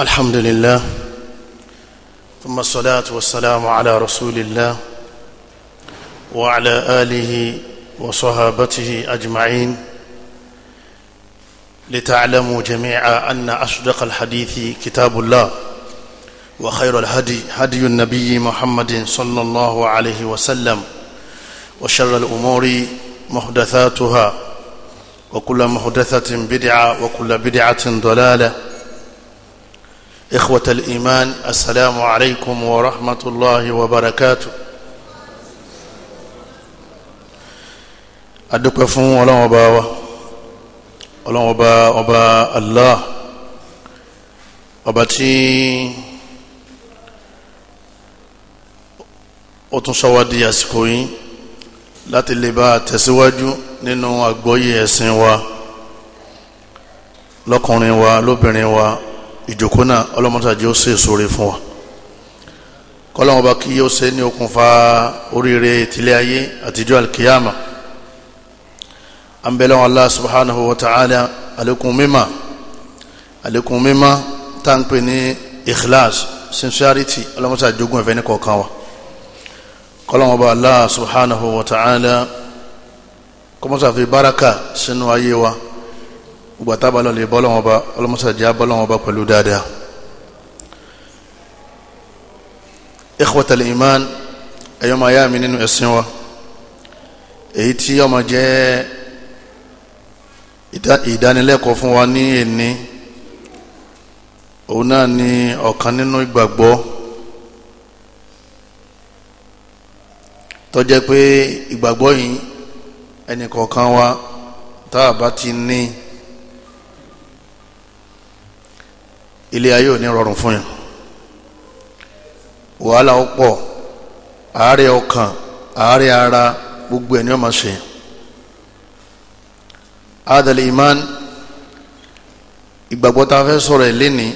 الحمد لله ثم الصلاة والسلام على رسول الله وعلى آله وصحابته أجمعين لتعلموا جميعا أن أصدق الحديث كتاب الله وخير الهدي هدي النبي محمد صلى الله عليه وسلم وشر الأمور محدثاتها وكل محدثة بدعة وكل بدعة ضلالة إخوة الإيمان السلام عليكم ورحمة الله وبركاته adúpẹ́ fún ọlọ́run ọba wa ọlọ́run ọba ọba allah ọba tí ó tún sọ wá di àsìkò yìí láti lè bá tẹ̀síwájú nínú àgbọ́yé ẹ̀sìn wa lọ́kùnrin wa lóbìnrin wa ìjòkó náà ọlọ́mọdé ó ṣe sóore fún wa kọ́lọ́wọ́n bá kí ó ṣe ní okùnfà oríire ìtìlẹ̀ ayé àtijọ́ alkiyama àmbẹ̀lẹ́wọ̀n Allah subhanahu wa ta'ala alekun mímá alekun mímá tá ní ikhlas sincerity ọlọ́mọdé àjogún ẹ̀fẹ́ ní kọ̀ọ̀kan wa kọ́lọ́wọ́n bá Allah subhanahu wa ta'ala kọ́mọ́sàfẹ́ baraka sínú ayé wa gbogbo àtàbà lọ lè bọ́lọ́wọ́n ọba ọlọ́mọsàjá bọ́lọ́wọ́n ọba pẹ̀lú dáadáa ikhwatal iman ẹ̀yọ́ máa yá mi nínú ẹ̀sìn wa èyí tí ọmọ jẹ́ ìdánilẹ́kọ̀ọ́ fún wa ní èní òun náà ni ọ̀kan nínú ìgbàgbọ́ tó jẹ́ pé ìgbàgbọ́ yìí ẹnìkọ̀ọ̀kan wa tá a bá ti ní ilé ayé ò ní rọrùn fún yàn wàhálà ó pọ̀ àárẹ̀ ọkàn àárẹ̀ ara gbogbo ẹ̀ ní ọmọ ṣe adal iman ìgbàgbọ́ tá a fẹ́ sọ̀rọ̀ ẹ̀ lẹ́ni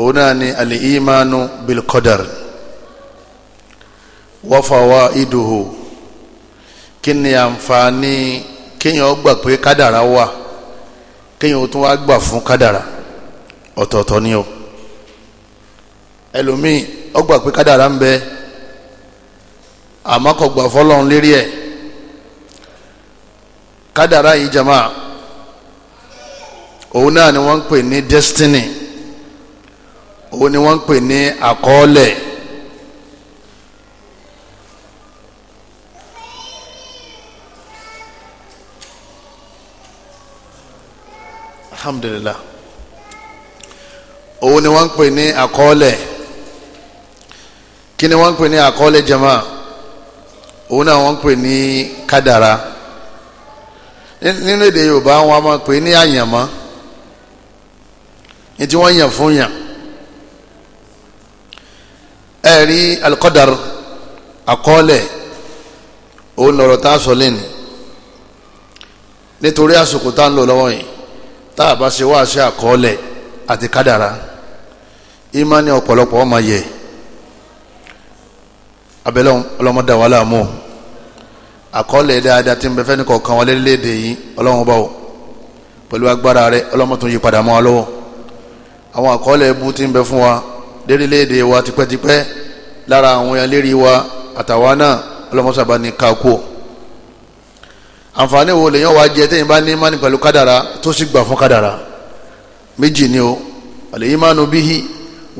òun náà ni al imanu bil qadar wa kí ni àǹfààní kéèyàn gbà pé kádàrá wà kéèyàn tún wá gbà fún kádàrá. ọ̀tọ̀ọ̀tọ̀ ni o ẹlòmíì ọgbà pé kádàrá ń bẹ àmọ́ gbà fọlọ́run lérí ẹ̀ kádàrá yìí jama òun náà ni wọ́n ń pè ní destiny òun ni wọ́n ń pè ní àkọọ́lẹ̀ alhamdulillah. òun ni wọ́n ń pè ní àkọọ́lẹ̀ kí ni wọ́n ń pè ní àkọọ́lẹ̀ jama òun náà wọ́n ń pè ní kádàrá nínú èdè yorùbá wọn a máa pè ní àyànmọ́ ní tí wọ́n yàn fún yàn ẹ̀rí alikọ́dàrú àkọọ́lẹ̀ òun lọ̀rọ̀ tá a sọ lẹ́nu nítorí àsìkò tá a ń lò lọ́wọ́ yìí tá a bá ṣe wá ṣe àkọọ́lẹ̀ àti kádàrá. Imani ọ̀pọ̀lọpọ̀ ọmọ yẹ abẹ́lẹ́ ọlọ́mọdé wa láàmú àkọọ́lẹ̀ dáadáa tí ń bẹ fẹ́ni kọ̀ọ̀kan wọn léléèdè yìí ọlọ́run bá wò pẹ̀lú agbára rẹ ọlọ́mọtún yí padà mọ́ wa lọ́wọ́ àwọn àkọọ́lẹ̀ ẹbú tí ń bẹ fún wa léléèdè wa tipẹ́tipẹ́ lára àwọn ẹlẹ́rìí wa àtàwa náà ọlọ́mọsàbá ní kakó àǹfààní wo lèyàn wá jẹ téyìn bá ní ìmánì pẹ̀lú kádàrá tó sì gbà fún kádàrá méjì ni o àlèyìn mánu bíhí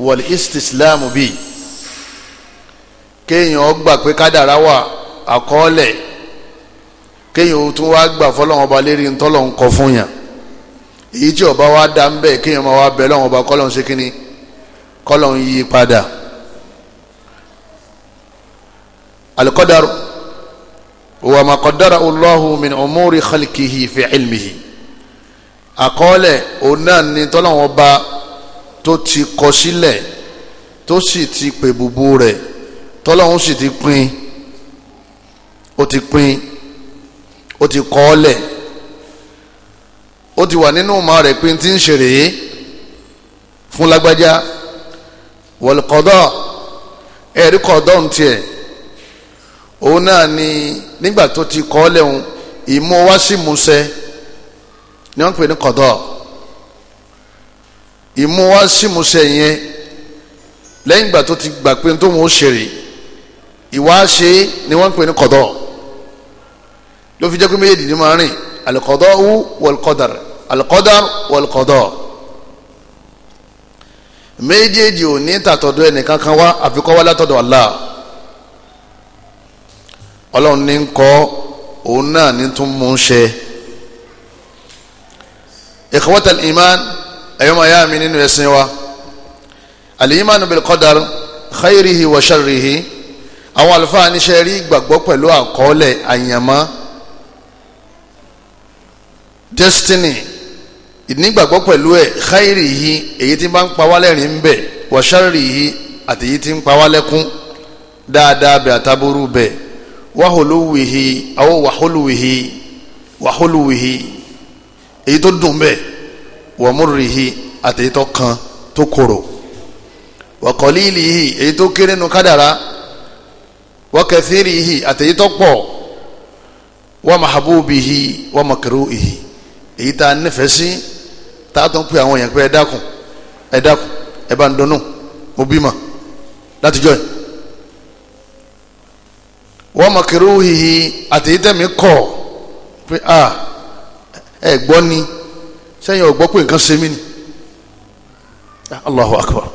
wọ̀lì istislam bí kéèyàn ó gbà pé kádàrá wà àkọọ́lẹ̀ kéèyàn ó tún wá gbà fọlọ́wọn ọba lérí ntọ́lọ́hún kọ fún yàn èyí tí ọba wa dá ń bẹ̀ kéèyàn máa wá bẹ̀ lọ́wọ́n ọba kọ́lọ́hún ṣe kínní kọ́lọ́hún yí padà alikọ́dàrú wa ma qaddara Allahu min umuri khalqihi fi ilmihi àkọọ́lẹ̀ òun ni tọ́lọ́wọ́n ọba tó ti kọ sílẹ̀ tó sì ti pè bùbù rẹ̀ tọ́lọ́hún sì ti pín ó ti pín ó ti kọ́ ọ́ lẹ̀ ó ti wà nínú ọmọ rẹ̀ pé tí ń ṣe rèé fún lágbájá wọ̀lùkọ́dọ̀ ẹ̀rí kọ́dọ̀ ń tiẹ̀ òun náà ni nígbà tó ti kọ́ ọ́ lẹ́hún ìmú wá sí musẹ́ ni wọ́n pè ní kọ́dọ̀ ìmú wa símúsẹ yẹn lẹ́yìn ìgbà tó ti gbà pé tó wọn ó ṣeré ìwà ṣe ni wọ́n ń pè ní kọ̀dọ̀ ló fi jẹ́ pé méjèèjì ni máa rìn alikọ̀dọ̀ wú wọlkọ̀dàr alikọ̀dàr wọlkọ̀dọ̀ méjèèjì ò ní tàtọ̀dọ̀ ẹnìkan kan wá àfikọ́ wá látọ̀dọ̀ Allah ọlọ́run ní kọ́ òun náà ní tún mú ṣe ikhwatal iman ẹ̀yọ́ máa yá mi nínú ẹ̀sìn wa al-imanu bil qadar khairihi wa sharrihi àwọn àlùfáà níṣẹ́ rí gbàgbọ́ pẹ̀lú àkọọ́lẹ̀ àyànmọ́ destiny ìnígbàgbọ́ pẹ̀lú ẹ̀ khairihi èyí tí bá ń pa wá lẹ́rìn ń wa sharrihi àti èyí tí ń pa wá lẹ́kún dáadáa bẹ̀ àtàbúrú bẹ̀ wàhólùwìhì àwọn wàhólùwìhì wàhólùwìhì èyí tó dùn bẹ́ẹ̀ wàmúrìhì àtẹ̀yìntọ́ kan tó kan wàkọ̀lìlìhì èyí tó kéré nu kádàrá wàkẹ́sìrìhì àtẹ̀yìntọ́ pọ̀ wàmàhàbùbìhì wàmàkìrúhì èyí tá a nífẹ̀ẹ́ sí tá a tún pè àwọn èèyàn pé ẹ dákun ẹ dákun ẹ bá ń dunnú mo bímọ láti jọ yìí wọ́n mọ̀ kiri hihi àti ìtẹ̀mí kọ̀ pé a ẹ gbọ́ ni sẹ́yìn ò gbọ́ pé nǹkan ṣe mí ni Allahu akbar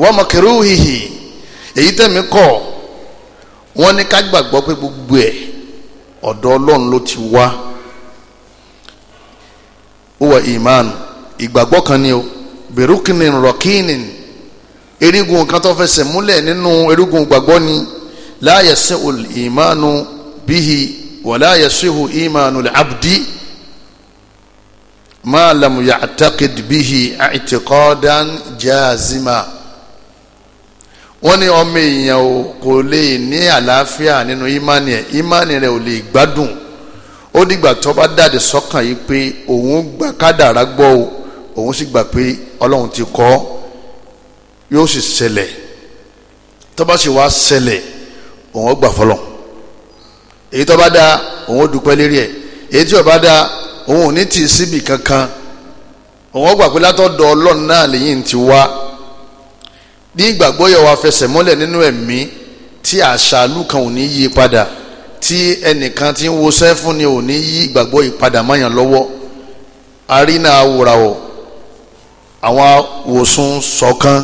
wa makruhihi èyí tẹ̀mí kọ̀ wọ́n ní ká gbàgbọ́ pé gbogbo ẹ̀ ọ̀dọ̀ ọlọ́run ló ti wá ó wà ìmánu ìgbàgbọ́ kan ni o bẹ̀rùkìnì rọ̀kìnì erigun kan tó fẹsẹ̀ múlẹ̀ nínú erigun gbàgbọ́ ni láyẹ̀sẹ̀ ìmánu bíhi wà láyẹ̀sẹ̀ ìmánu lẹ́ abdi ma lam ya'taqid bihi i'tiqadan jazima wọ́n ní ọmọ èèyàn o kò lè ní àlàáfíà nínú ìmánì ẹ̀ ìmánì rẹ̀ ò lè gbádùn ó dìgbà tó bá dàdé sọ́kàn yìí pé òun gba kádàrá gbọ́ o òun sì gbà pé ọlọ́run ti kọ́ yóò sì ṣẹlẹ̀ tó bá sì wá ṣẹlẹ̀ òun ó gbà fọlọ́ èyí tó bá dáa òun ó dúpẹ́ lérí ẹ̀ èyí tí ò bá dáa òun ò ní tì í síbì kankan òun ọgbà pé látọ̀dọ̀ ọlọ́run náà lẹ́yìn ti wá ní ìgbàgbọ́ yẹ wa fẹsẹ̀ mọ́lẹ̀ nínú ẹ̀mí tí àṣàlù kan ò ní yí padà tí ẹnìkan ti ń wọṣẹ́ fún ni ò ní yí ìgbàgbọ́ ìpadà mọ́yàn lọ́wọ́ arínà awòràwọ̀ àwọn wòsùn sọ̀kan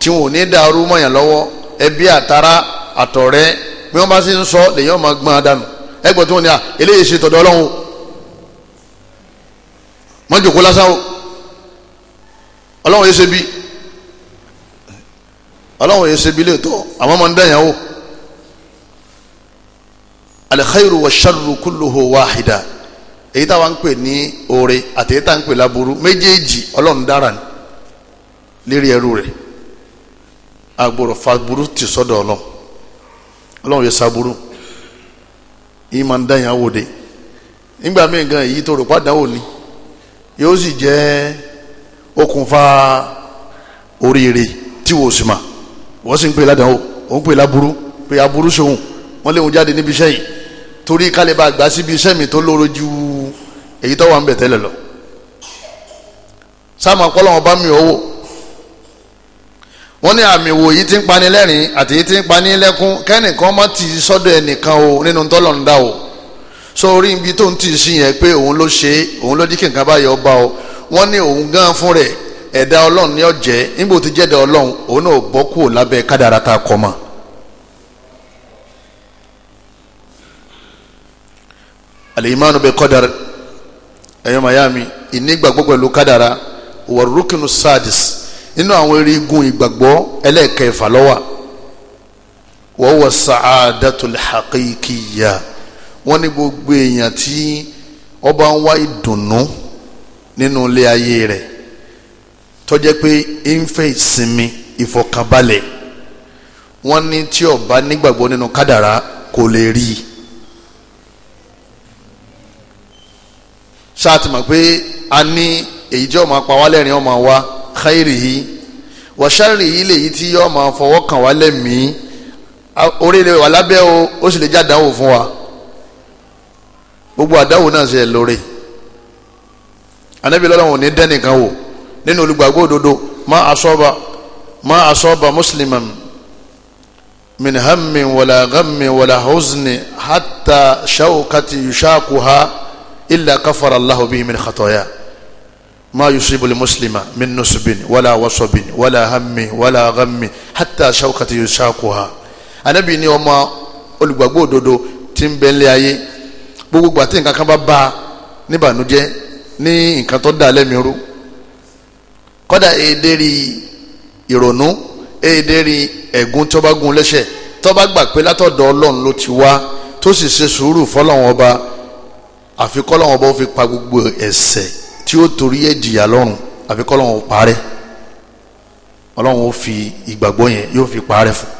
tí wọn ò ní dàrú mọ́yàn lọ́wọ́ ẹbí àtàrà àtọ̀rẹ́ bí wọ́n bá sì ń sọ lèyàn máa gbọ́n adànù ẹgbẹ́ tí wọ́n ní à eléyìí ṣe tọ̀dọ̀ ọlọ́run mọ́ jòkó lásán o ọlọ́run yẹn ṣe bí ọlọ́run yẹn ṣe bí lóòótọ́ àmọ́ mọ́ ń dẹ̀yàn o alikhairu wa sharru kulluhu wahida èyí táwa ń pè ní oore àti èyí táwa ń pè láburú méjèèjì ọlọ́run dára ni lérí ẹrú rẹ̀ agbọ̀rọ̀ faburú ti sọ́dọ̀ ọlọ́run ọlọ́run yẹn saburú yìí máa ń dẹ̀yàn wò de nígbà míì gan èyí tó rò padà ni yóò sì jẹ́ okùnfà oríire tí wò sí ma wọ́n sì ń pè ládàáwò òun pè láburú pé aburú sóhun wọ́n léwu jáde níbi iṣẹ́ yìí torí kálíbà àgbà síbi iṣẹ́ mi tó lóró ju èyí tó wà ń bẹ̀ tẹ́lẹ̀ lọ sáàmù ọpọlọwọn bá mi owó wọ́n ní àmì wò yìí ti ń pani lẹ́rìn àti yìí ti ń pani lẹ́kún kẹ́nìkan má ti sọ́dọ̀ ẹnìkan o nínú tọ́lọ̀ ń dá o. sọ orí ibi tó ń tì sí yẹn pé òun ló ṣe òun ló kí nǹkan báyọ̀ ọba o wọ́n ní òun gan fún rẹ̀ ẹ̀dá ọlọ́run ní ọ̀jẹ́ níbo ti jẹ́dá ọlọ́run òun náà bọ́ kúrò lábẹ́ kádàrá tá a kọ́ mọ́. al-imanu bi qadar ẹ̀yọ́ mayami ìnígbàgbọ́ pẹ̀lú kádàrá nínú àwọn erigun ìgbàgbọ́ ẹlẹ́ẹ̀kẹfà lọ́wà wọ́n sa'adatul wọ́n ní gbogbo èèyàn tí ọba ń wá ìdùnnú nínú ilé ayé rẹ̀ tó jẹ́ pé ń fẹ́ ìsinmi ìfọkànbalẹ̀ wọ́n ní tí ó bá nígbàgbọ́ nínú kádàrá kò lè rí i ṣáàtì mọ̀ pé a ní èyí tí ó máa pa wá lẹ́rìn ó máa wá khairihi wa sharrihi lèyí tí ó máa fọwọ́ kàn wá lẹ́mìí oríire wà lábẹ́ ó sì lè jáde àwò fún wa gbogbo àdáwò náà ṣe lórí anabi lọ́lọ́wọ́ ní dẹ́nìkan wò nínú olùgbàgbọ́ òdodo ma asọ́ba ma asọ́ba musliman min hammi wala ghammi wala huzni hatta shawkati yushakuha illa kafara allahu bihi min khatoya ma yusibu lmuslima min nusbin wala wasabin wala hammi wala ghammi hatta shawkati yushakuha anabi ni ọmọ olùgbàgbọ́ òdodo tí ń bẹ nílé ayé gbogbo àti nǹkan kan bá bá a níbànújẹ́ ní nǹkan tó dà lẹ́mi rú kọ́dà èdè rí ìrònú èdè rí ẹ̀gún tó bá gun lẹ́sẹ̀ tó bá gbà pé látọ̀dọ̀ ọlọ́run ló ti wá tó sì ṣe sùúrù fọlọ́run ọba àfikọ́lọ́run ọba ó fi pa gbogbo ẹ̀ṣẹ̀ tí ó torí ẹ̀ jìyà lọ́run parẹ́ ọlọ́run ó fi ìgbàgbọ́ yẹn yóò fi parẹ́ fún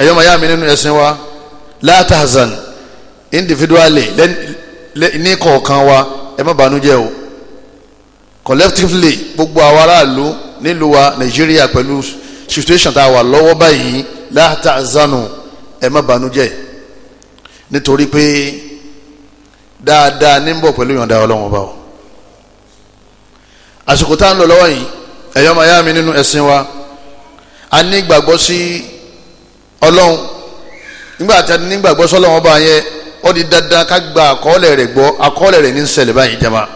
ẹ̀yọ́ màyá nínú ẹ̀sìn wa la tahzan individually ní kọ̀ọ̀kan wa ẹ má bànújẹ́ o collectively gbogbo àwọn aráàlú nílùú wa nàìjíríà pẹ̀lú situation tá a wà lọ́wọ́ báyìí la tahzanu ẹ má bànújẹ́ nítorí pé dáadáa ní ń bọ̀ pẹ̀lú ìyọ̀ǹda ọlọ́wọ́n bá o àsìkò tá à ń lọ lọ́wọ́ yìí ẹ̀yọ́ màyá mi nínú ẹ̀sìn wa a ní ìgbàgbọ́ sí ọlọ́run nígbà tí a ní gbàgbọ́ sọ́lọ́ wọn bá yẹn ó di dandan ká gba àkọọ́lẹ̀ rẹ̀ gbọ́ àkọọ́lẹ̀ rẹ̀ ní ń ṣẹlẹ̀ báyìí jama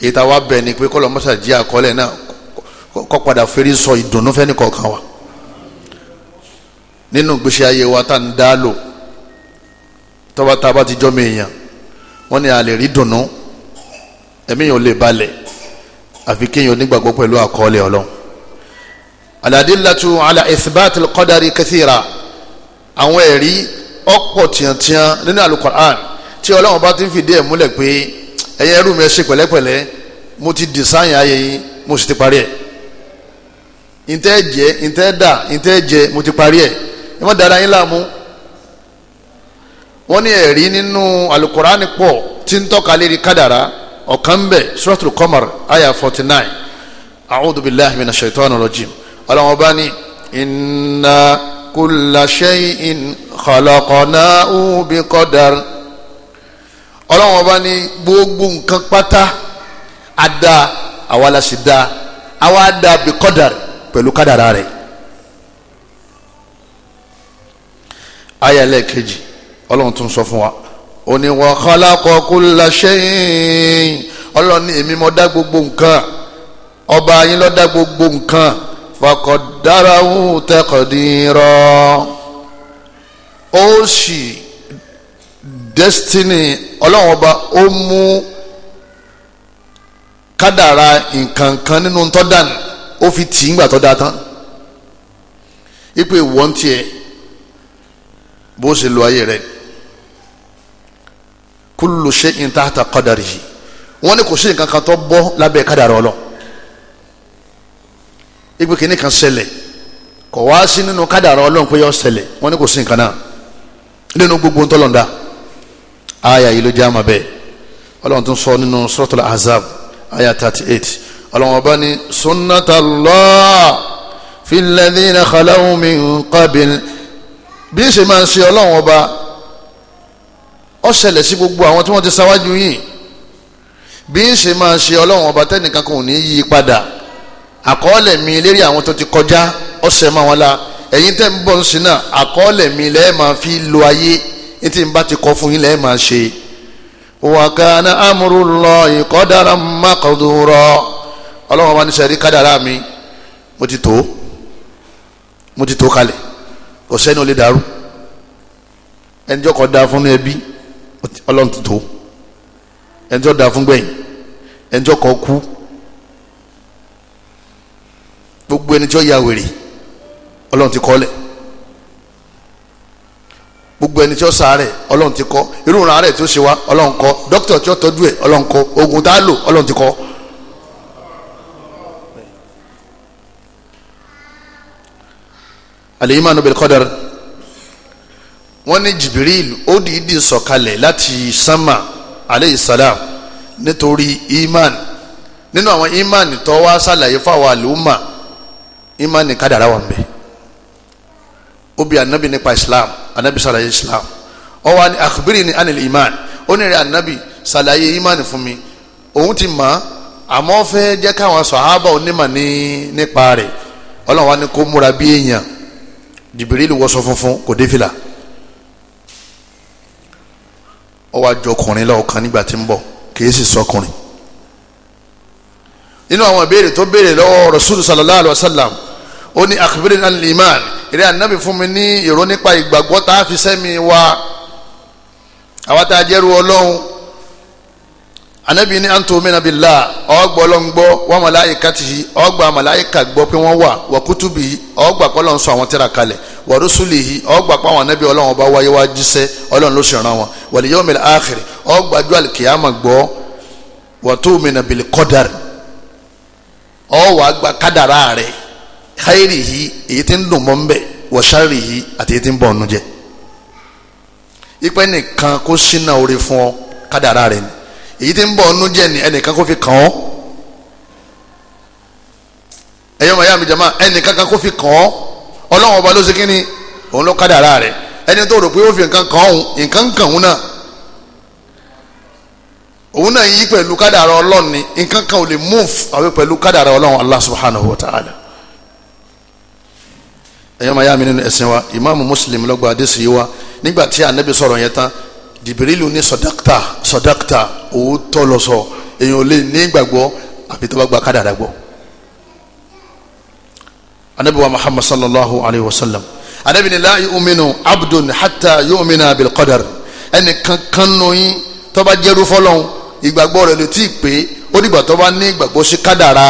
ìta wa bẹ̀ ni pé kọ́lọ́ mọ́sá jí àkọọ́lẹ̀ náà kọ́ padà fèrè sọ ìdùnnú fẹ́ni kọ̀ọ̀kan wa nínú gbèsè ayé wa tá à ń dá lò ti jọ́ mi èèyàn wọ́n ní a lè rí dùnnú ẹ̀mí yẹn ò lè balẹ̀ àfi kéèyàn onígbàgbọ́ pẹ̀lú àkọọ́lẹ̀ ọlọ́run aladillatu ala ithbatil qadari kathira àwọn ẹ̀rí ọ̀pọ̀ tiẹ̀tiẹ̀ nínú alukoran tí ọlọ́run bá ti ń fìdí ẹ̀ múlẹ̀ pé ẹ̀yin ẹrú mi ẹ ṣe pẹ̀lẹ́pẹ̀lẹ́ mo ti dìsáyìn ayé yín mo sì ti parí ẹ̀ ntẹ́ jẹ́ ntẹ́ dà ntẹ́ jẹ́ mo ti parí ẹ̀ ẹ má dára yín láàmú wọ́n ní ẹ̀rí nínú alukoran pọ̀ tí ń tọ́ka lérí kádàrá ọ̀kan ń bẹ̀ suratul qamar aya forty nine a'udhu billahi minash shaitani rajim ọlọ́run ọba ní inna. كل شيء خلقناه بقدر ọlọ́run ọba ní gbogbo nǹkan pátá ada àwa la sì da àwa ada bíkọ́dàrì pẹ̀lú kádàrà rẹ̀ ayẹlẹ kejì ọlọ́run tún sọ fún wa ó ní wa khalaqa ọlọ́run ní èmi mo dá gbogbo nǹkan ọba yín ló dá gbogbo nǹkan faqaddarahu taqdira ó sì destiny ọlọ́run ọba ó mú kádàrá nǹkan kan nínú fi tì í gbà da tán ipe ìwọ́n tiẹ̀ bó ṣe lo ayé rẹ̀ kullu shay'in tahta qadarihi wọ́n ní kò sí nǹkan kan tó bọ́ lábẹ́ kádàrá ipe kìíní kan ṣẹlẹ̀ kọ̀ wá sí nínú kádàrá ọlọ́run pé yọ ṣẹlẹ̀ wọ́n ní kò sí nǹkan náà nínú gbogbo ntọ́lọ́ndà aya yìí ló jẹ́ àmà bẹ́ẹ̀ ọlọ́run tún sọ nínú suratul ahzab aya thirty eight ọlọ́run ọba ní sunnatallah fil ladhina khalau min qabil bí ṣe máa ń ṣe ọlọ́run ọba ó ṣẹlẹ̀ sí gbogbo àwọn tí wọ́n ti ṣáwájú yìí bí ṣe máa ṣe ọlọ́run ọba tẹ́nìkan kò ní yí padà àkọọ́lẹ̀ mi lérí àwọn tó ti kọjá ọ̀sẹ̀ máa wọn la ẹ̀yin náà àkọọ́lẹ̀ mi lẹ́ẹ̀ máa fi lo ayé ní tí n bá ti kọ fún yín lẹ́ẹ̀ máa ṣe. wa kana amrullahi qadaran maqdura ọlọ́wọ́n bá ní sẹ́rí kádàrá mi ti tó mo ti tó kalẹ̀ kò sẹ́ni ò lè dàrú ẹnjọ́ kọ́ fún ẹbí ọlọ́run ti tó ẹnjọ́ da fún gbẹ̀yìn ẹnjọ́ kọ́ kú gbogbo ẹni tí ó ya wèrè ọlọ́run ti kọ́ lẹ̀ gbogbo ẹni tí ó ṣàárẹ̀ ọlọ́run ti kọ́ irú ìrànlẹ́ tí ó ṣe wá ọlọ́run kọ́ dókítà tí ó tọ́jú ẹ̀ ọlọ́run kọ́ oògùn tá a lò ọlọ́run ti kọ́. al-imanu bil qadar wọ́n ní jibril ó dìídì sọ̀kalẹ̀ láti sánmà aleyhi salam nítorí iman nínú àwọn iman tó wá ṣàlàyé fáwọn àlùmọ́ imani kádàrá wà mbẹ ó bi anabi islam anabi ṣàlàyé islam ó wá ní ni anil iman ó ní rẹ salaye iman imani fún mi òun ti mọ̀ àmọ́ fẹ́ jẹ́ káwọn sọ̀hábà onímọ̀ ní nípa rẹ̀ ọlọ́run wa ni kó múra bí èèyàn jìbìrìlì wọṣọ funfun kò dé fìlà ó wá jọ ọkùnrin lọ́wọ́ kan nígbà tí ń bọ̀ kì í sì sọkùnrin nínú àwọn ìbéèrè tó béèrè lọ́wọ́ rasulu sallallahu alayhi wa sallam ó ní akhbirni an al-iman eré anabi fún mi ní ìró nípa ìgbàgbọ́ tá a fi sẹ́mi wa àwa tá a jẹ́rú ọlọ́run anabi ní an tu'mina billah ọgbọ́ ọlọ́run gbọ́ wa malaikatihi ọgbà màláìka gbọ́ pé wọ́n wà wa kutubihi ọgbà pé ọlọ́run sọ àwọn tírà kalẹ̀ wa rusulihi ọgbà pé àwọn anabi ọlọ́run ọba wáyé wá jíṣẹ́ ọlọ́run ló ṣèrànwọ́ wọn wal yawmil akhir ọgbà ju alikiyama gbọ́ wa tu'mina bil qadar ọwọ́ àgbà kádàrá rẹ̀ khairihi èyí tí ń dùn mọ́ ń bẹ̀ wa sharrihi àti èyí tí ń bọ̀ jẹ ipẹ́ nìkan kó fún ọ kádàrá rẹ ni èyí tí ń bọ̀ jẹ ni ẹnìkan kó fi kàn ọ́ ẹ̀yọ́ màá yá mi jama ẹnìkan kan kó fi kàn ọ́ ọba ló ni òun ló kádàrá rẹ ẹni tó rò pé ó fi nǹkan kàn òun nǹkan kàn òun náà òun náà yí pẹ̀lú kádàrá nǹkan kan ò lè move pẹ̀lú kádàrá Allah subhanahu wa ta'ala. ẹ̀yọ́ máa yá mi nínú ẹ̀sìn wa ìmáàmù Muslim ló gbà àdìsí yìí wa nígbà tí ànábì sọ̀rọ̀ yẹn tán dìbìrìlù ní sọ̀dáktà sọ̀dáktà òótọ́ lọ sọ èèyàn ò lè ní ìgbàgbọ́ àbí tó bá gba kádàrà gbọ́. ànábì wa Muhammad sallallahu alayhi wa sallam ànábì ní la yu'minu abdun hatta yu'mina bil qadar ẹnì kankan nù tó bá jẹ́rú fọlọ́hún ìgbàgbọ́ rẹ̀ lè tí ì pé ó dìgbà tó bá ní ìgbàgbọ́ sí kádàrà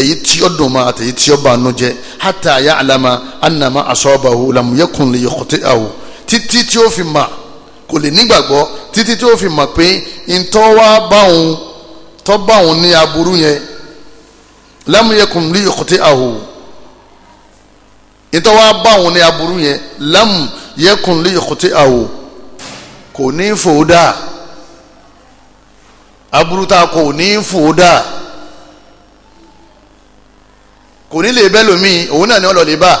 èyí tí ó dùn ma àti èyí tí ó bànú jẹ́ hatta ya'lama annama asabahu lam yakun li yukhti'ahu títí tí ó fi mà kò lè nígbàgbọ́ títí tí ó fi mà pé ntọ́wá bá òun tọ́ bá òun ní aburú yẹn lam yakun li yukhti'ahu ntọ́wá bá òun ní aburú yẹn lam yakun li yukhti'ahu kò ní fòódà aburú ta kò ní fòódà kò ní lè bẹ́ lómi òun náà ni ọlọ́ọ̀lẹ́ bá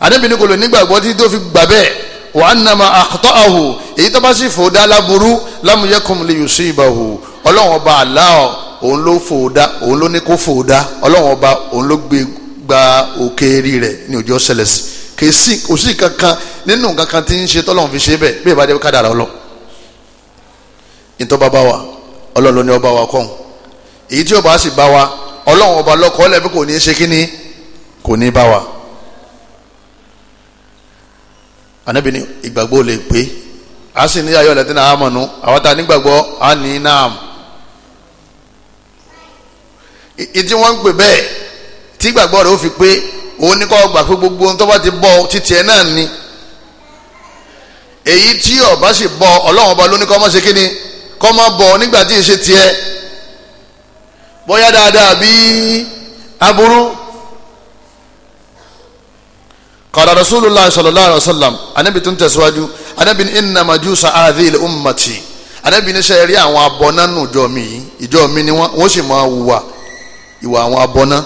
àdébìnrin kò lè nígbàgbọ́ tí tó fi gbà bẹ́ẹ̀ wa annama akhta'ahu èyí tó bá sì fòdá láburú lam yakum li yusibahu ọlọ́run ọba Allah òun ló fòdá òun ló ní kó fòdá ọlọ́run ọba òun ló gbé gba òkè rí rẹ̀ ní òjò ṣẹlẹ̀ sí kì í sí kò kankan nínú kankan tí ń ṣe tọ́lọ́run fi ṣe bẹ́ẹ̀ bí ìbá jẹ́ kádàrá ọlọ́ ìtọ́ bá wa ọlọ́run ló ní ọba wa kọ́hún èyí tí ọba sì bá wa ọlọ́run ọba lọ́kọ́ ọlẹ́bí kò ní í ṣe kínní kò ní í bá wa anabi ni ìgbàgbọ́ lè pé a sì ní ayọ̀ lẹ́tìn náà amọ̀nù àwọn tá a nígbàgbọ́ a ní náà ìdí wọn ń pè bẹ́ẹ̀ tí ìgbàgbọ́ rẹ̀ ó fi pé òun ní kọ́ gbà pé gbogbo ohun tó bá ti bọ́ títí ẹ̀ náà ni èyí tí ọba sì bọ ọlọ́run ọba ló mọ́ ṣe kí ni kọ́ mọ́ bọ nígbà tí ì ṣe tiẹ̀ bóyá dáadáa bí aburú qala rasulullah sallallahu alaihi wasallam anabi tó ń tẹ̀síwájú anabi ní inna majusa adhil ummati anabi ní sẹ́yìn rí àwọn abọ́ná nù ìjọ mi yìí ìjọ mi ni wọ́n sì máa wùwà ìwà àwọn abọ́ná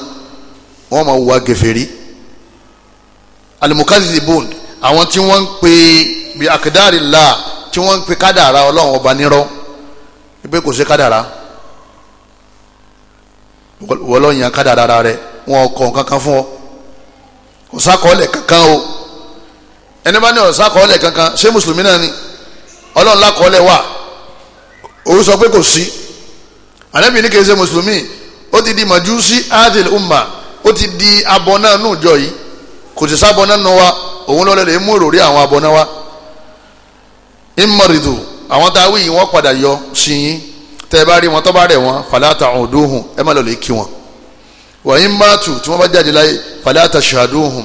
wọ́n máa wùwà gẹ̀fẹ̀rí alimukazibun àwọn tí wọ́n ń pe bi akadari la tí wọ́n ń pe kádàrá ọlọ́run ọba nírọ́ pé kò sí kádàrá. wọ́n lọ́ọ́ yàn kádà rárá rẹ wọn kankan fún ọ kankan o ẹni bá ní kankan ṣé mùsùlùmí náà ni ọlọ́run lákọọ́lẹ̀ wà òun sọ pé kò sí ànábì ní kìí se mùsùlùmí ó ti di màjúsí adil umma ó ti di abọ́nà nù yi yìí kò sì sábọ́nà nù wa òun lọ́lẹ̀ lè mú àwọn wa ìmọ̀rìdù àwọn táwí yìí wọ́n padà yọ sí tẹ́ ẹ bá rí wọn tọ́ bá rẹ̀ wọn fàlàtà ọ̀dọ́hùn ẹ má lọ lè kí wọn wàyí mbàtú tí wọ́n bá jáde láyé fàlàtà ṣàdọ́hùn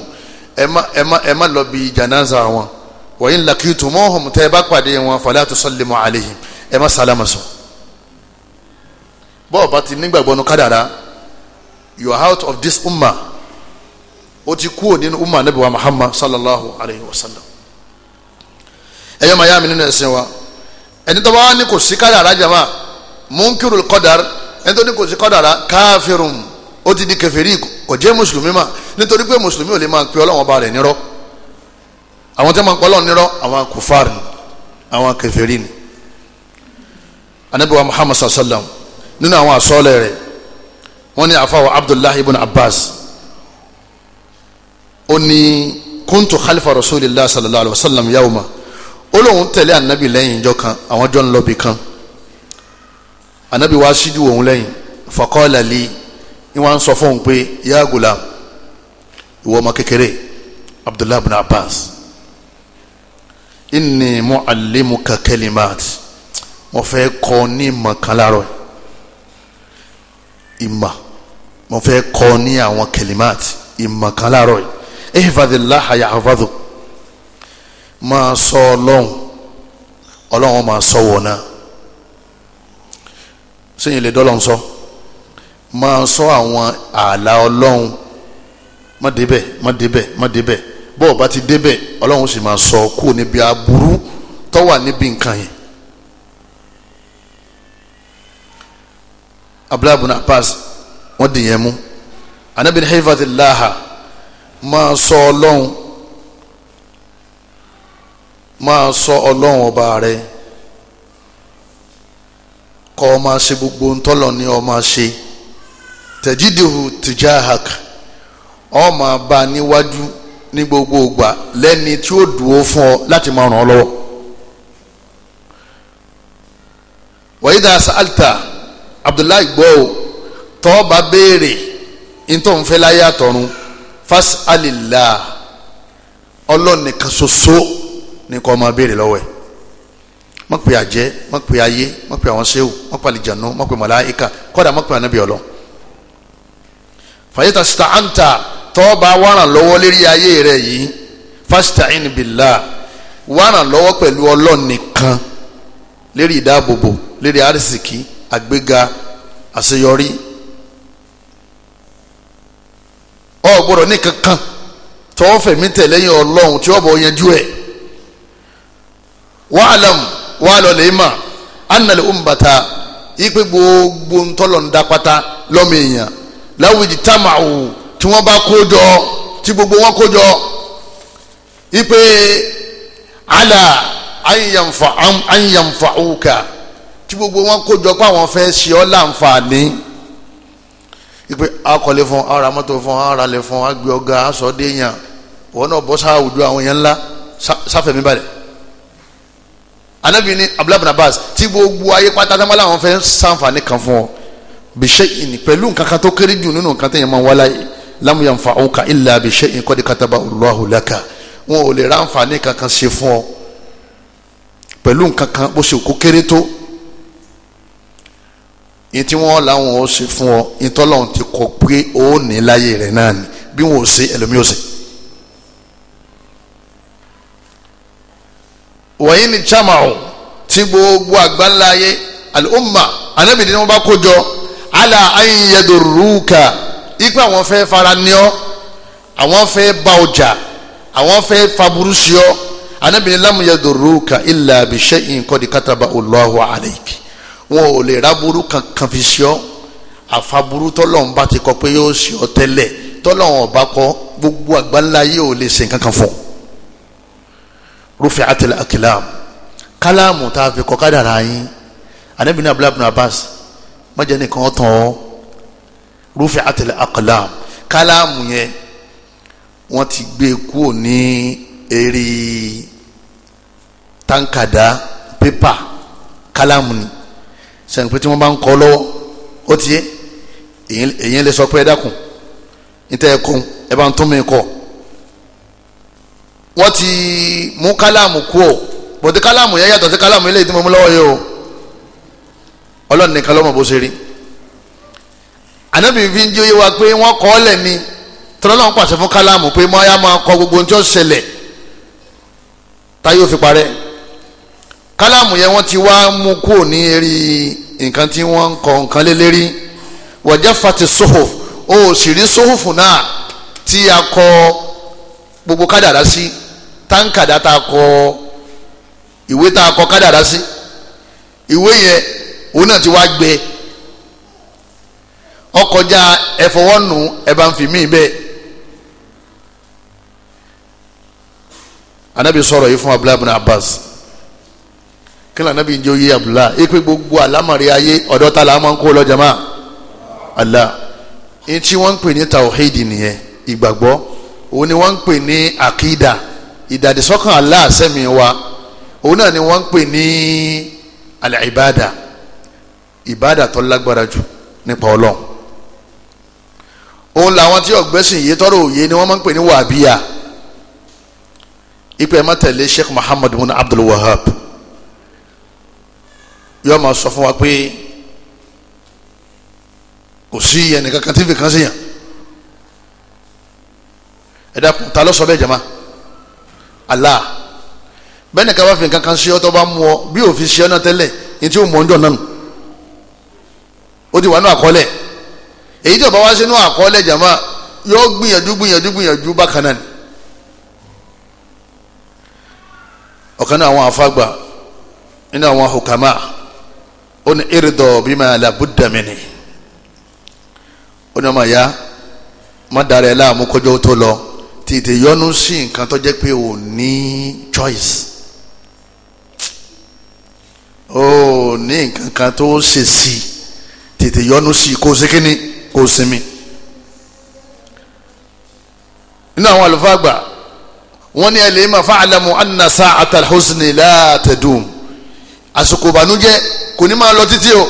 ẹ má ẹ má ẹ má lọ bí jànáza wọn wàyí lakitu mọ́hùn tẹ́ ẹ bá pàdé wọn fàlàtà sọ́lẹ̀mù àlẹ́yìn ẹ má sálámà sọ. bọ́ọ̀ bá ti nígbàgbọ́ nu kádàrá you are out of this umma. ó ti kúrò nínú umma nabi wa muhammad sallallahu alayhi wa sallam ẹ̀yọ́ màyá mi nínú ẹ̀sìn wa ẹni tó munkirul kọ́dàr ẹni tó ní kò sí kọ́dàrà káfírùn ó ti di kẹfẹ́rí kò jẹ́ mùsùlùmí mà nítorí pé mùsùlùmí ò lè máa pe ọlọ́wọ́n ba rẹ̀ nírọ́ àwọn tí wọ́n máa ń pe ọlọ́wọ́n nírọ́ àwọn kùfàr ni àwọn kẹfẹ́rí ni anabiwa muhammad sallam nínú àwọn àsọ́ọ̀lẹ̀ rẹ̀ wọ́n ní àfàwọ̀ abdullahi ibn abbas ó ní kuntu khalifa rasulillah sallallahu alayhi wa sallam yawma ó lóun tẹ̀lé anabi lẹ́yìn ìjọ kan àwọn jọ ń lọ bì kan anabi wa ṣíjú òun lẹ́yìn fakọ́ọ̀lá lè ní wọ́n á sọ fún òun pé ya gulam ìwọ ọmọ kékeré abdullahi bin abbas inni muallimuka kalimat mo fẹ́ kọ́ ní ìmọ̀ kan láàárọ̀ ìmọ̀ mo fẹ́ kọ́ ní àwọn kalimat ìmọ̀ kan láàárọ̀ ihfadhillaha yahfadhuk máa sọ ọlọ́run ọlọ́run máa sọ wọ̀nà sẹ́yìn lè dọ́lọ́n sọ máa sọ àwọn ààlà ọlọ́run má débẹ̀ má débẹ̀ má débẹ̀ bọ́ọ̀ bá ti débẹ̀ ọlọ́run sì máa sọ kó níbi aburú tó wà níbi nǹkan yẹn. abdullahi bin abbas wọ́n dì yẹn mú anabi ní haifa máa sọ ọlọ́run máa sọ ọlọ́run ọba rẹ̀ kọ́ ọ máa ṣe gbogbo ntọ́lọ̀ ní ọ máa ṣe tẹ̀jídìhù tìjáhàk ọ máa bá a níwájú ní gbogbo ìgbà lẹ́ni tí ó dúró fún ọ láti máa ràn ọ́ lọ́wọ́. wàyí dà sàltà abdullahi gbọ́ ò tọ́ bá béèrè ntọ́ nfẹ́ láyé àtọ̀run fásálìlá ọlọ́ọ̀nìkan ṣoṣo ní kọ́ máa béèrè lọ́wọ́ ẹ̀ má pè àjẹ́ má pè ayé má pè àwọn sẹ́wù má pè àlìjànú má pè màláíkà kọ́dà má pè ànábì ọlọ. fàyẹ́tà sita àǹtà tọ́ọ̀bà wàràn lọ́wọ́ lérí ayé rẹ̀ yìí fasta'in billah wàràn lọ́wọ́ pẹ̀lú ọlọ́ọ̀ nìkan lérí ìdáàbòbò lérí àrísìkí àgbéga àṣeyọrí ọ gbọ́dọ̀ ní kankan ọlọ́run tí ó bọ̀ yanjú ẹ̀ wa'lam wà lọ́lẹ̀ ìmọ̀ annal umbata ipe gbogbo ntọ́lọ̀ ń dapata lọ́mọ èèyàn láwùjì támàwù tí wọ́n bá kó jọ tí gbogbo wọn kó jọ ipe àlà ànyànfàúkà tí gbogbo wọn kó jọ pé àwọn fẹ́ ṣe ọ́ láǹfààní ipe akọ̀lẹ̀ fún ara mọ́tò fún ara lẹ̀ fún agbẹ́ ọ̀gá aṣọ́déyàn wọn náà bọ́ sáà àwùjọ àwọn yẹn ńlá sáfẹ̀mí balẹ̀ anabi ni abdullahi bin abbas tí gbogbo ayé pátá tábàlà àwọn fẹ́ sànfàní kan fún ọ bìṣẹ́ ìní pẹ̀lú nǹkan kan tó kéré jù nínú nǹkan tẹ̀yẹ̀ máa wáláyé lámúyànfà òǹkà ìlà bìṣẹ́ ìní kọ́dí kátàbà Allahu laka wọn ò lè ra ànfàní kankan ṣe fún ọ pẹ̀lú nǹkan kan bó ṣe kó kéré tó yìí tí wọ́n làwọn ò ṣe fún ọ ìtọ́lọ́hún ti kọ pé ó ní láyé rẹ̀ náà ni bí wọn ò ṣe ẹlòmíì wọ̀nyí ni chamao tí gbogbo àgbáńlá ayé al'umma anabi ni wọ́n bá kó jọ ala ayinyadoruka ipa àwọn fẹ́ fara ní ọ àwọn fẹ́ ba ọjà àwọn fẹ́ faburú sí ọ anabi ni lamuyadoruka illa abisẹ́ nkọ́di kataba Allahu alayki wọn ò lè raburú kankan fi sí ọ àfaburú tọ́lọ́hún ti kọ pé yóò sí tẹ́lẹ̀ tọ́lọ́hún ọba kọ gbogbo àgbáńlá ayé ò lè ṣe nǹkan kan rufi atil akilam kálàmù tá a fi kọ́ kádàrá yín anabi ní abdullahi abbas májẹ nìkan tán ọ rufi atil akilam kálàmù yẹn wọ́n ti gbé e kúrò ní eré tankada pépà kálàmù ni sẹ́yìn pé tí wọ́n bá ń kọ́ lọ́wọ́ ó ti yé èyí lè sọ pé ẹ dákun níta ẹ kún ẹ bá ń tún mi kọ́ ọ wọ́n ti mú kálámù kú ọ bọ̀dé kálámù yẹn yàtọ̀ sí kálámù eléyìí tí mo mú lọ́wọ́ yìí o ọlọ́run nìkan lọ́mọ bó ṣe rí ànábì fi ń jí oyé wa pé wọ́n kọ́ ọ́ lẹ̀ ni tọ́lọ́run pàṣẹ fún kálámù pé mọ́ ayá máa kọ gbogbo ohun tí ó ṣẹlẹ̀ táyé ò fi parẹ́ kálámù yẹn wọ́n ti wá mú kúrò ní eré nǹkan tí wọ́n ń kọ nǹkan lé lérí fati sóhòf o sì gbogbo kádàrá sí táǹkàdá tá a kọ ìwé tá a kọ kádàrá sí ìwé yẹn òun náà ti wá gbẹ ọkọjá ẹfọwọ́nù ẹ̀bánfìmí bẹ́ẹ̀ anabi sọ̀rọ̀ yìí fún abdullahi bin abbas kílà anabi ń jẹ́ oyè abdullahi ipe gbogbo alámọ̀rẹ́ ayé ọ̀dọ́ la máa ń kó lọ jama Allah ní tí wọ́n ń pè ní tawhid nìyẹn ìgbàgbọ́ òun ni wọ́n ń pè ní akida ìdàdísọ́kàn Allah sẹ́mi wa òun náà ni wọ́n ń pè ní al-ibada ìbádà tó lágbára jù nípa ọlọ́run òun làwọn tí ọ̀gbẹ́sìn yìí tọ́rọ òye ni wọ́n máa ń pè ní wàhábíyà ipe ma tẹ̀lé Sheikh Muhammad bin Abdul Wahab yóò máa sọ fún wa pé kò sí ẹnìkan kan tí fi kan sí yàn ẹ dákun ta ló sọ bẹ́ẹ̀ jẹ́ máa. Allah bẹ́ẹ̀ nìkan bá fi nǹkan kan ṣe ọ́ tó bá mú ọ bí òfin ṣe ọ́ náà tẹ́lẹ̀ ní tí ó mọ̀ ń dọ̀ náà nù ó ti wà nù àkọọ́lẹ̀ èyí tó bá wá sínú àkọọ́lẹ̀ jàmá yóò gbìyànjú gbìyànjú gbìyànjú bákan náà ni ọ̀kan náà àwọn afágbà nínú àwọn hukama ó ní iridọ̀ bí máa la budda mini ó ní ọmọ ìyá má dara láàmú kọjọ́ tó lọ tètè yọnu sí nǹkan tó jẹ́ pé o ní choice o ní nǹkan kan tó ṣe sí tètè yọnu sí kó ṣe kíni kó sinmi nínú àwọn àlùfáà gbà wọ́n ní ẹlẹ́yìn máa fa'alamu anna sa'ata al-huzni la tadum àsìkò ìbànújẹ́ kò ní máa lọ títí o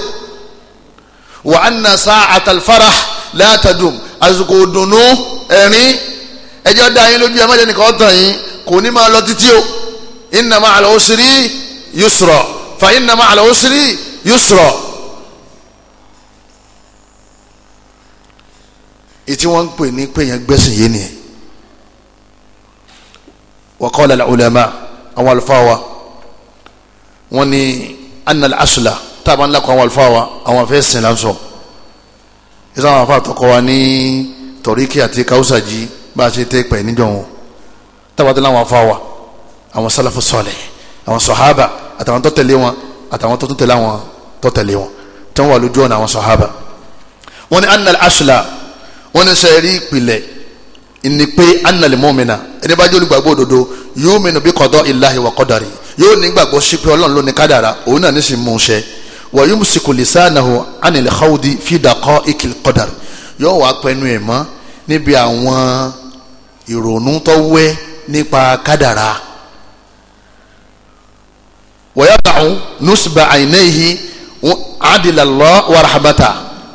wa anna sa'ata al la tadum àsìkò ìdùnnú ẹ̀rín ẹjọ́ da yín lójú ẹ má jẹ́ nìkan tàn yín kò ní máa lọ títí o inna ma'al usri yusra fa inna ma'al usri yusra. ìtí wọ́n ń pè ní pé yẹn gbẹ́sìn yé nìyẹn wa qala al-ulama àwọn àlùfáà wa wọ́n ní anna al-asla tá a àwọn àlùfáà àwọn afẹ́ sìn lásán ìsáwọn afáà tọkọ wa ní tọ̀ríkì àti káwùsà jí bá a ṣe tẹ́ pẹ̀ níjọ wọn tábàtí láwọn afáwà àwọn sálàfù sọlẹ̀ àwọn sọ̀hábà àtàwọn tó tẹ̀lé wọn àtàwọn tó tún tẹ̀lé àwọn tó tẹ̀lé wọn tí wọ́n wà lójú ọ̀nà àwọn sọ̀hábà. wọ́n ní anna asula wọ́n ní sọ ẹ̀rí ìpìlẹ̀ ni pé anna lè mọ́mìnà ẹni bá jẹ́ olùgbàgbọ́ òdodo yóò mìnà bí kọ́dọ̀ ilahi wa kọ́dàrí yóò nígbàgbọ́ sí pé ọlọ́run ló ní ìrònú tó wẹ́ nípa kádàrá wọ́yàtàún nùsùbà àìnẹ́yìí àdìlàlọ́ wàràhàbàtà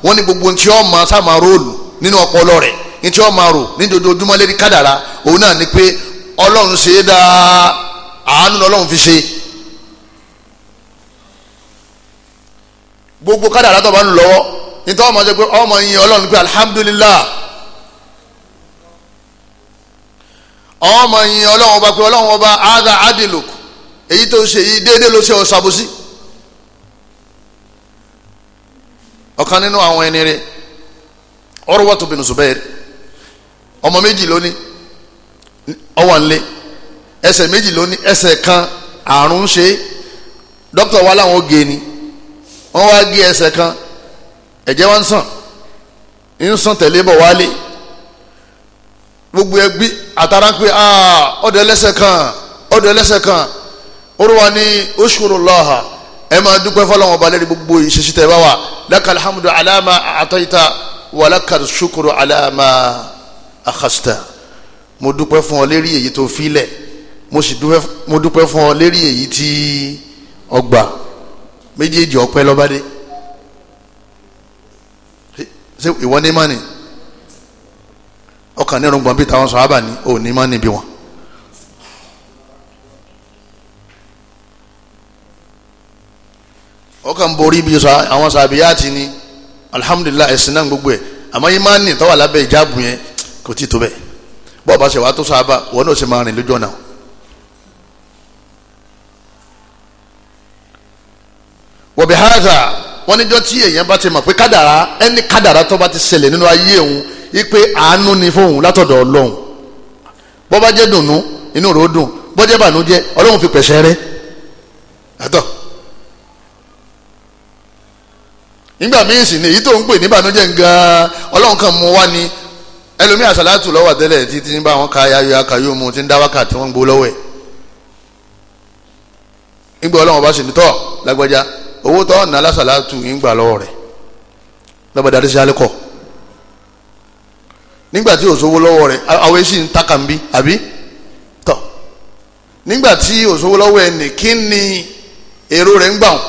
wọ́n ní gbogbo ntí ọmọ sáàmà róòlù nínú ọpọlọ rẹ̀ ntí ọmọ rò ní dojoojúmọ́ lérí kádàrá òun náà ni pé ọlọ́run ṣe é dáa àánú ọlọ́run fi ṣe gbogbo kádàrá tó bá ń lọ́wọ́ nítorí ọmọ jẹ́ pé ọmọ yìí ọlọ́run pé alihamudulilayi. àwọn ọmọ yin ọlọ́run ọba pé ọlọ́run ọba ada adiluk èyí tó ṣe yìí déédéé ló ṣe ọ̀ṣàbùsí ọ̀kan nínú àwọn ẹni rẹ̀ Urwatu bin Zubair ọmọ méjì ló ní ọwọ́ ńlẹ̀ ẹsẹ̀ méjì ló ní ẹsẹ̀ kan àrùn ṣe dókítà wa láwọn ó gé ni wọ́n wá gé ẹsẹ̀ kan ẹ̀jẹ̀ wá ń sàn ń sàn tẹ̀lé bọ̀ wálé gbogbo ẹbí àtàrà ń pè aa ah, ọdẹ ẹlẹ́sẹ̀ kan ọdẹ ẹlẹ́sẹ̀ kan orúwa ní oṣùrùlọ́hà ẹ máa dúpẹ́ fọlọ́wọn ọba lẹ́ni gbogbo ìṣesí tẹ̀ bá wà lakal hamdu alama àtọ́yìntà wà lakal alama akhasta mo dúpẹ́ fún ọ lérí èyí tó filẹ̀ mo dúpẹ́ fún ọ lérí èyí tí ọgbà méjèèjì ọpẹ́ lọ́bádé ṣé ìwọ ní mánìí ọkàn ní irùngbọ̀n bíi táwọn sọ̀hábà ní òní má níbi wọn. ọkàn borí bíi àwọn sàbíyáàtì ni alhamdulillah ẹ̀sìn náà gbogbo ẹ̀ àmọ́ yín máa ń nì tọ́wà lábẹ́ ìjáàbù yẹn kò tí tó bẹ́ẹ̀ bọ́ọ̀ bá ṣe wàá tó sọ̀hábà wọn náà ṣe máa rìn lójú ọ̀nà. wọ̀bí hàzà wọ́n níjọ́ tí èèyàn bá ti mọ̀ pé kádàrá ẹni kádàrá tó bá ti ṣẹlẹ̀ nínú ayé òun ipe àánú ni fóun látọ̀dọ̀ ọlọ́run bó bá jẹ́ dùnú inú dùn jẹ́ bànújẹ́ fi pẹ̀sẹ̀ rẹ́ àtọ̀ nígbà míì sì ni èyí tó ń pè ní bànújẹ́ kan mú wá ni ẹlòmíì asalatu lọ́wọ́ àtẹ́lẹ̀ títí ní bá wọn ka ayáyọ akayọ mu ti ń dá wákàtí wọn gbó lọ́wọ́ ẹ̀ nígbà ọlọ́run bá sì ní tọ́ lágbájá owó tọ́ ọ̀nà alásàlátù ń nígbà tí òṣòwò lọ́wọ́ rẹ̀ àwọn èsì ń takà ń bí àbí tọ̀ nígbà tí òṣòwò lọ́wọ́ ẹ̀ ní kí ni èrò rẹ̀ ń gbà wọ́n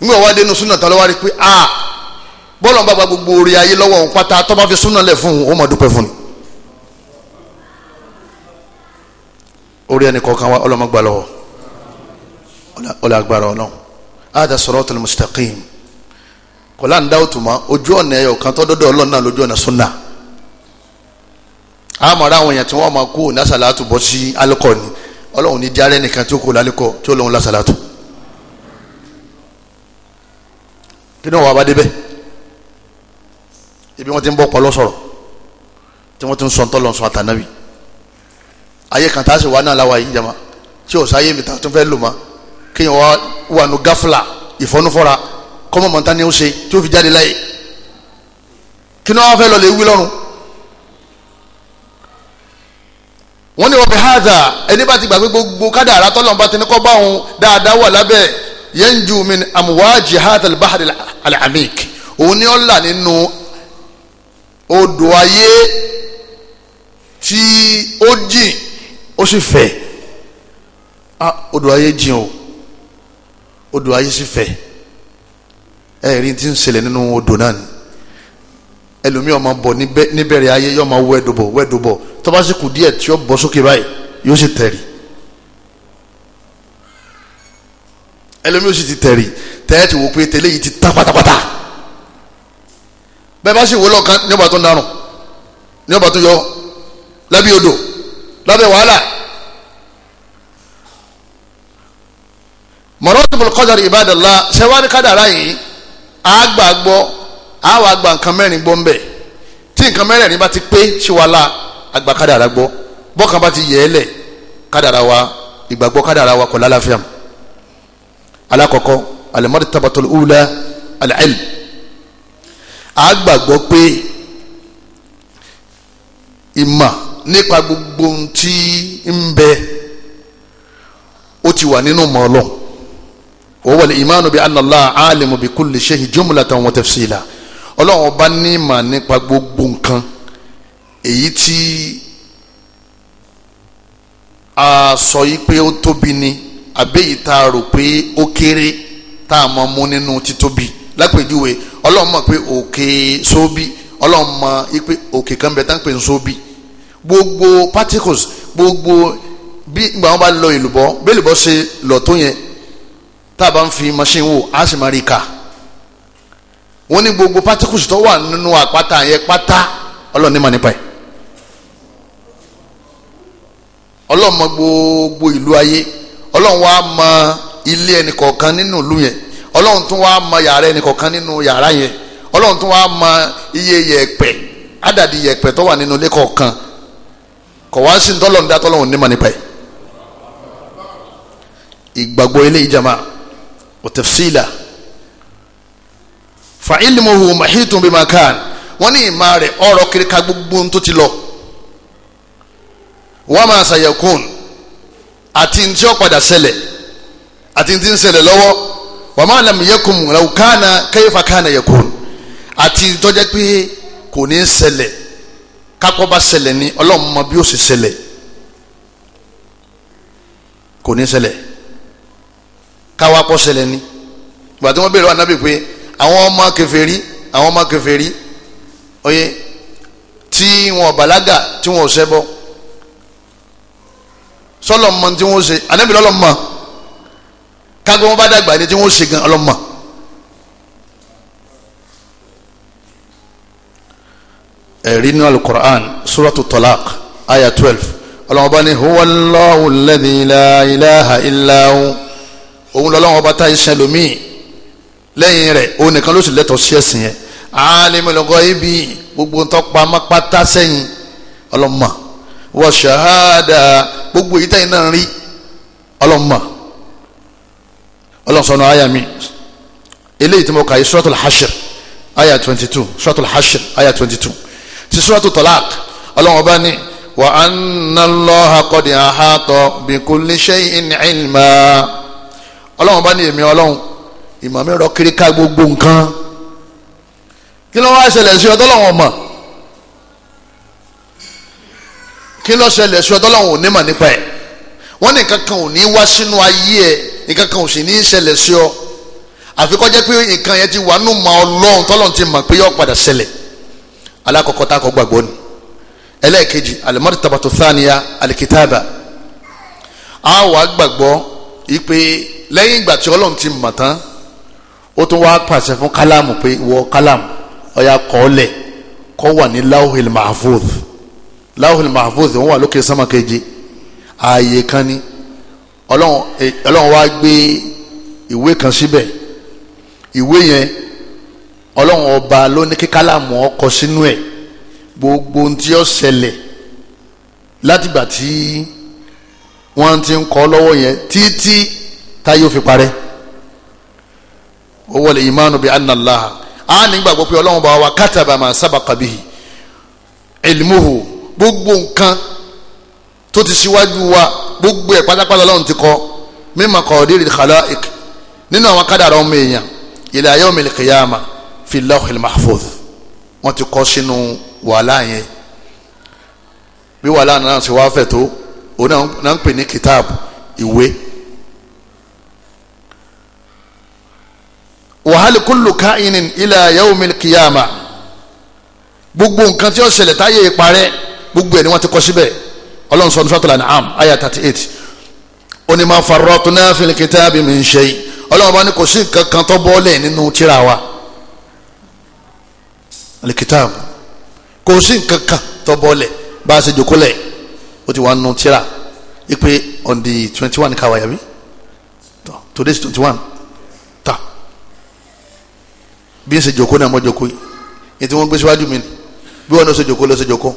nígbà wá dénú súnà tán lọ́wọ́ rí pé a bọ́ọ̀lù ń bàbá gbogbo orí ayé lọ́wọ́ òun pátá tó bá fi súnà lẹ̀ fún òun ó mọ̀ dúpẹ́ fún ni. orí ẹni kọ̀ọ̀kan wa ọlọ́mọgbà lọ́wọ́ ọlọ́gbàrá ọlọ́run ada siratul mustaqim kọ́lá ń dá òtún mọ́ ojú ọ̀nà ẹ̀yọ̀ kan tó dọ́dọ̀ ọlọ́run náà lójú ọ̀nà súnà àmọ́ra àwọn èèyàn tí wọ́n máa kó lásàlátù bọ́ sí alukọ ni ọlọ́run ní diárẹ́ nìkan tí ó kó lálẹ́kọ tí ó lọ́run lásàlátù. kí ni wọ́n wá débẹ̀ ibi wọ́n ti ń bọ́ pọ́lọ́ sọ̀rọ̀ tí wọ́n ti ń sọ ntọ́ lọ́sọ àtànábì ayé kan tá a sì wá náà láwa yìí jama tí ò sáyé mi ta tó fẹ́ lò ma kí wọ́n wà nù gáfìlà ìfọ́nufọ́ra kọ́mọ̀mọ́ta ni ó ṣe tí ó fi jáde láyé kí ni wọ́n fẹ́ lọ lè wí lọ́rùn wọ́n ní wọ́n fi hàdà ẹni bá ti gbàgbé gbogbo kádàrá tọ́lọ́n bá ti ní kọ́ bá òun dáadáa wà lábẹ́ yanju min amuwaji hàdà albahari alamik òun ni ó là nínú odò ayé tí ó jìn ó sì fẹ̀ odò ayé jìn o odò ayé sì fẹ̀ ẹ̀rí ti ń ṣẹlẹ̀ nínú odò náà ni ẹlòmíì ọmọ bọ̀ níbẹ̀rẹ̀ ayé yọ ọmọ wọ ẹdùbọ̀ wọ ẹdùbọ̀ tó bá sì kù díẹ̀ tí ó bọ̀ sókè báyìí yóò sì tẹ̀rì ẹlòmíì ó sì ti tẹ̀rì tẹ́ẹ̀tì wò pé tẹ́lẹ̀ yìí ti ta pátápátá bẹ́ẹ̀ bá sì wò lọ́ọ̀kan ní ọba tó ń darùn ní ọba tó yọ lábẹ́ odò lábẹ́ wàhálà mọ̀rọ́tìmọ̀lù kọ́jà ìbádàlá ṣẹ́wárí kádàrá yìí àgbàgbọ́ a wá gba nǹkan mẹ́rin gbọ́ ńbẹ̀ tí nǹkan mẹ́rin bá ti pé ṣíwálá àgbà kádàrà gbọ́ bọ́kàn bá ti yẹ ẹ́ lẹ̀ kádàrà wa ìgbàgbọ́ kádàrà wa kò lálàáfíà mu alákọ̀ọ́kọ́ alimọ́dé tabatol ula alẹ́l a gbàgbọ́ pé ìmọ̀ nípa gbogbo tí ń bẹ ó ti wà nínú mọ́ wọ́n wà ìmánu bí anàlá alimu bí kulli shay'in jumlatan wa tafsila ọlọ́run ọba ní ìmọ̀ nípa gbogbo nǹkan èyí tí a sọ yìí pé ó tóbi ni àbẹ́yìí tá a rò pé ó kéré tá a mọ̀ mú nínú títóbi lápèjúwe ọlọ́run mọ̀ pé òkè sóbì ọlọ́run mọ̀ pé òkè kan bẹ tá ń pè ń sóbì gbogbo particles gbogbo bí ìgbà wọn bá lọ èlùbọ́ bí èlùbọ́ ṣe lọ tó yẹn tá a bá ń fi machine wò á sì máa rí i kà wọ́n ní gbogbo particles tó wà nínú àpáta yẹn pátá ọlọ́run mọ̀ nípa ẹ̀ ọlọ́run gbogbo ìlú ayé ọlọ́run wá mọ̀ ilé ẹnìkọ̀ọ̀kan nínú ìlú yẹn ọlọ́run tún yàrá nínú yàrá yẹn tún wa iye yẹ̀pẹ̀ ádàdì yẹ̀pẹ̀ tó wà nínú ilé kọ̀ọ̀kan kọ̀ sí ntọ́lọ́run dá ní mọ̀ nípa ẹ̀ ìgbàgbọ́ fa ilmuhu mahitun bima kan wọ́n ní ìmọ̀ rẹ̀ ọ̀rọ̀ kiri ka gbogbo tó ti lọ wa ma sayakun àti ntí ó padà ṣẹlẹ̀ àti ntí ń ṣẹlẹ̀ lọ́wọ́ wa ma lam yakun law kana kayfa kana yakun àti tọ́jẹ́ pé kò ní ṣẹlẹ̀ kakọ́ bá ṣẹlẹ̀ ni ọlọ́run mọ bí ó sì ṣẹlẹ̀ kò ní ṣẹlẹ̀ káwa kọ́ ni gbàtí wọ́n béèrè wà nábì pé àwọn ọmọ kèfèrí àwọn ọmọ kèfèrí oyè tí wọn bàlágà tí wọn ò ṣẹbọ sọlọ mọ tí wọn ṣe ànábìlẹ ọlọmọ kágbọn wọn bá dàgbà ni tí wọn ṣe gan ọlọmọ. ẹ̀rí nínú alukur'an suratu talaq aya twelve ọlọ́mọba ni huwa Allahu alladhi la ilaha illa hu òun lọ́lọ́mọba tá iṣẹ́ lómìn lẹ́yìn rẹ̀ òun nìkan ló sì lẹ́tọ̀ọ́ sí ẹ̀sìn yẹn alimul ghaibi gbogbo ntọ́pamọ́ pátá sẹ́yìn ọlọ́mọ wa shahada gbogbo èyí tẹ́yìn náà rí ọlọ́mọ ọlọ́sọ̀nà àyà mi eléyìí tí mo kà yí suratul hashr àyà twenty two suratul hashr àyà twenty two ti suratul talaq ọlọ́wọ́n bá ní wa anna Allaha qad ahata bi kulli shay'in ilma ọlọ́wọ́n bá ní èmi ọlọ́wọ́n ìmọ̀ mi rọ kiri ká gbogbo nǹkan kí ló wá ṣẹlẹ̀ sí ọdọ́ lọ́wọ́ mọ̀ kí ló ṣẹlẹ̀ sí ọdọ́ lọ́wọ́ òní mọ̀ nípa ẹ̀ wọ́n ní nǹkan kan ò ní wá sínú ayé ẹ̀ nǹkan kan ò sì ní ṣẹlẹ̀ sí ọ àfi kó jẹ́ pé nǹkan yẹn ti wà nù mọ ọlọ́run tọ́lọ́run ti mọ̀ pé yọ padà ṣẹlẹ̀ alákọ̀ọ́kọ́ tá a kọ́ gbàgbọ́ ni ẹlẹ́ẹ̀kejì al-martabatu thaniya al a wà gbàgbọ́ ipe lẹ́yìn ìgbà tí ọlọ́run ti mọ̀ tán ó tún wáá pàṣẹ fún kálámù pé wọ kálámù ọ̀yà kọ́ọ̀lẹ̀ kọ́ wà ní lauhil mahfuz lauhil mahfuz wọ́n wà lókè sánmà keje ààyè kan ni ọlọ́run e, wá gbé ìwé kan síbẹ̀ ìwé yẹn ọlọ́run ọba ló ní kí kálámù ọkọ̀ sínú ẹ̀ gbogbo ohun tí ó ṣẹlẹ̀ látìgbà tí wọ́n ti ń kọ́ lọ́wọ́ yẹn títí táyé ó fi parẹ́ wọ́n wọlé ìmánu bíi anna Allah á nígbàgbọ́ pé ọlọ́run bá wa kátàbà máa sábàkà bíi ilmuhu gbogbo nǹkan tó ti ṣíwájú wa gbogbo ẹ̀ pátápátá ọlọ́run ti kọ́ mímọ kọ̀ọ̀dẹ́rì khalaiq nínú àwọn kádàrá ọmọ èèyàn ila yawmil qiyama fi lawhil mahfuz wọ́n ti kọ́ sínú wàhálà yẹn bí wàhálà náà ṣe wá fẹ̀ tó òun náà ń pè ní kìtáàbù ìwé wàhálì kúlù káyìn ilà yawmil qiyamah gbogbo nǹkan tí ó ṣẹlẹ̀ táyé ìparẹ́ gbogbo ẹ̀ ni wọ́n ti kọ́ síbẹ̀ ọlọ́run sọ ní suratul an'am ayah thirty eight ó ní ma farratna fil kitabi min shay ọlọ́run bá ní kò sí nǹkan kan tó bọ́ọ̀lẹ̀ nínú tíra wa alikitaabu kò sí nǹkan kan tó bọ́ọ̀lẹ̀ bá a ṣe jòkólẹ̀ ó ti wà nínú tíra ipe on the twenty one káwáyà mi today's twenty one bí n ṣe jòkó náà mo jòkó yìí ní tí wọ́n gbé síwájú mi ni bí wọ́n lọ ṣe jòkó lọ ṣe jòkó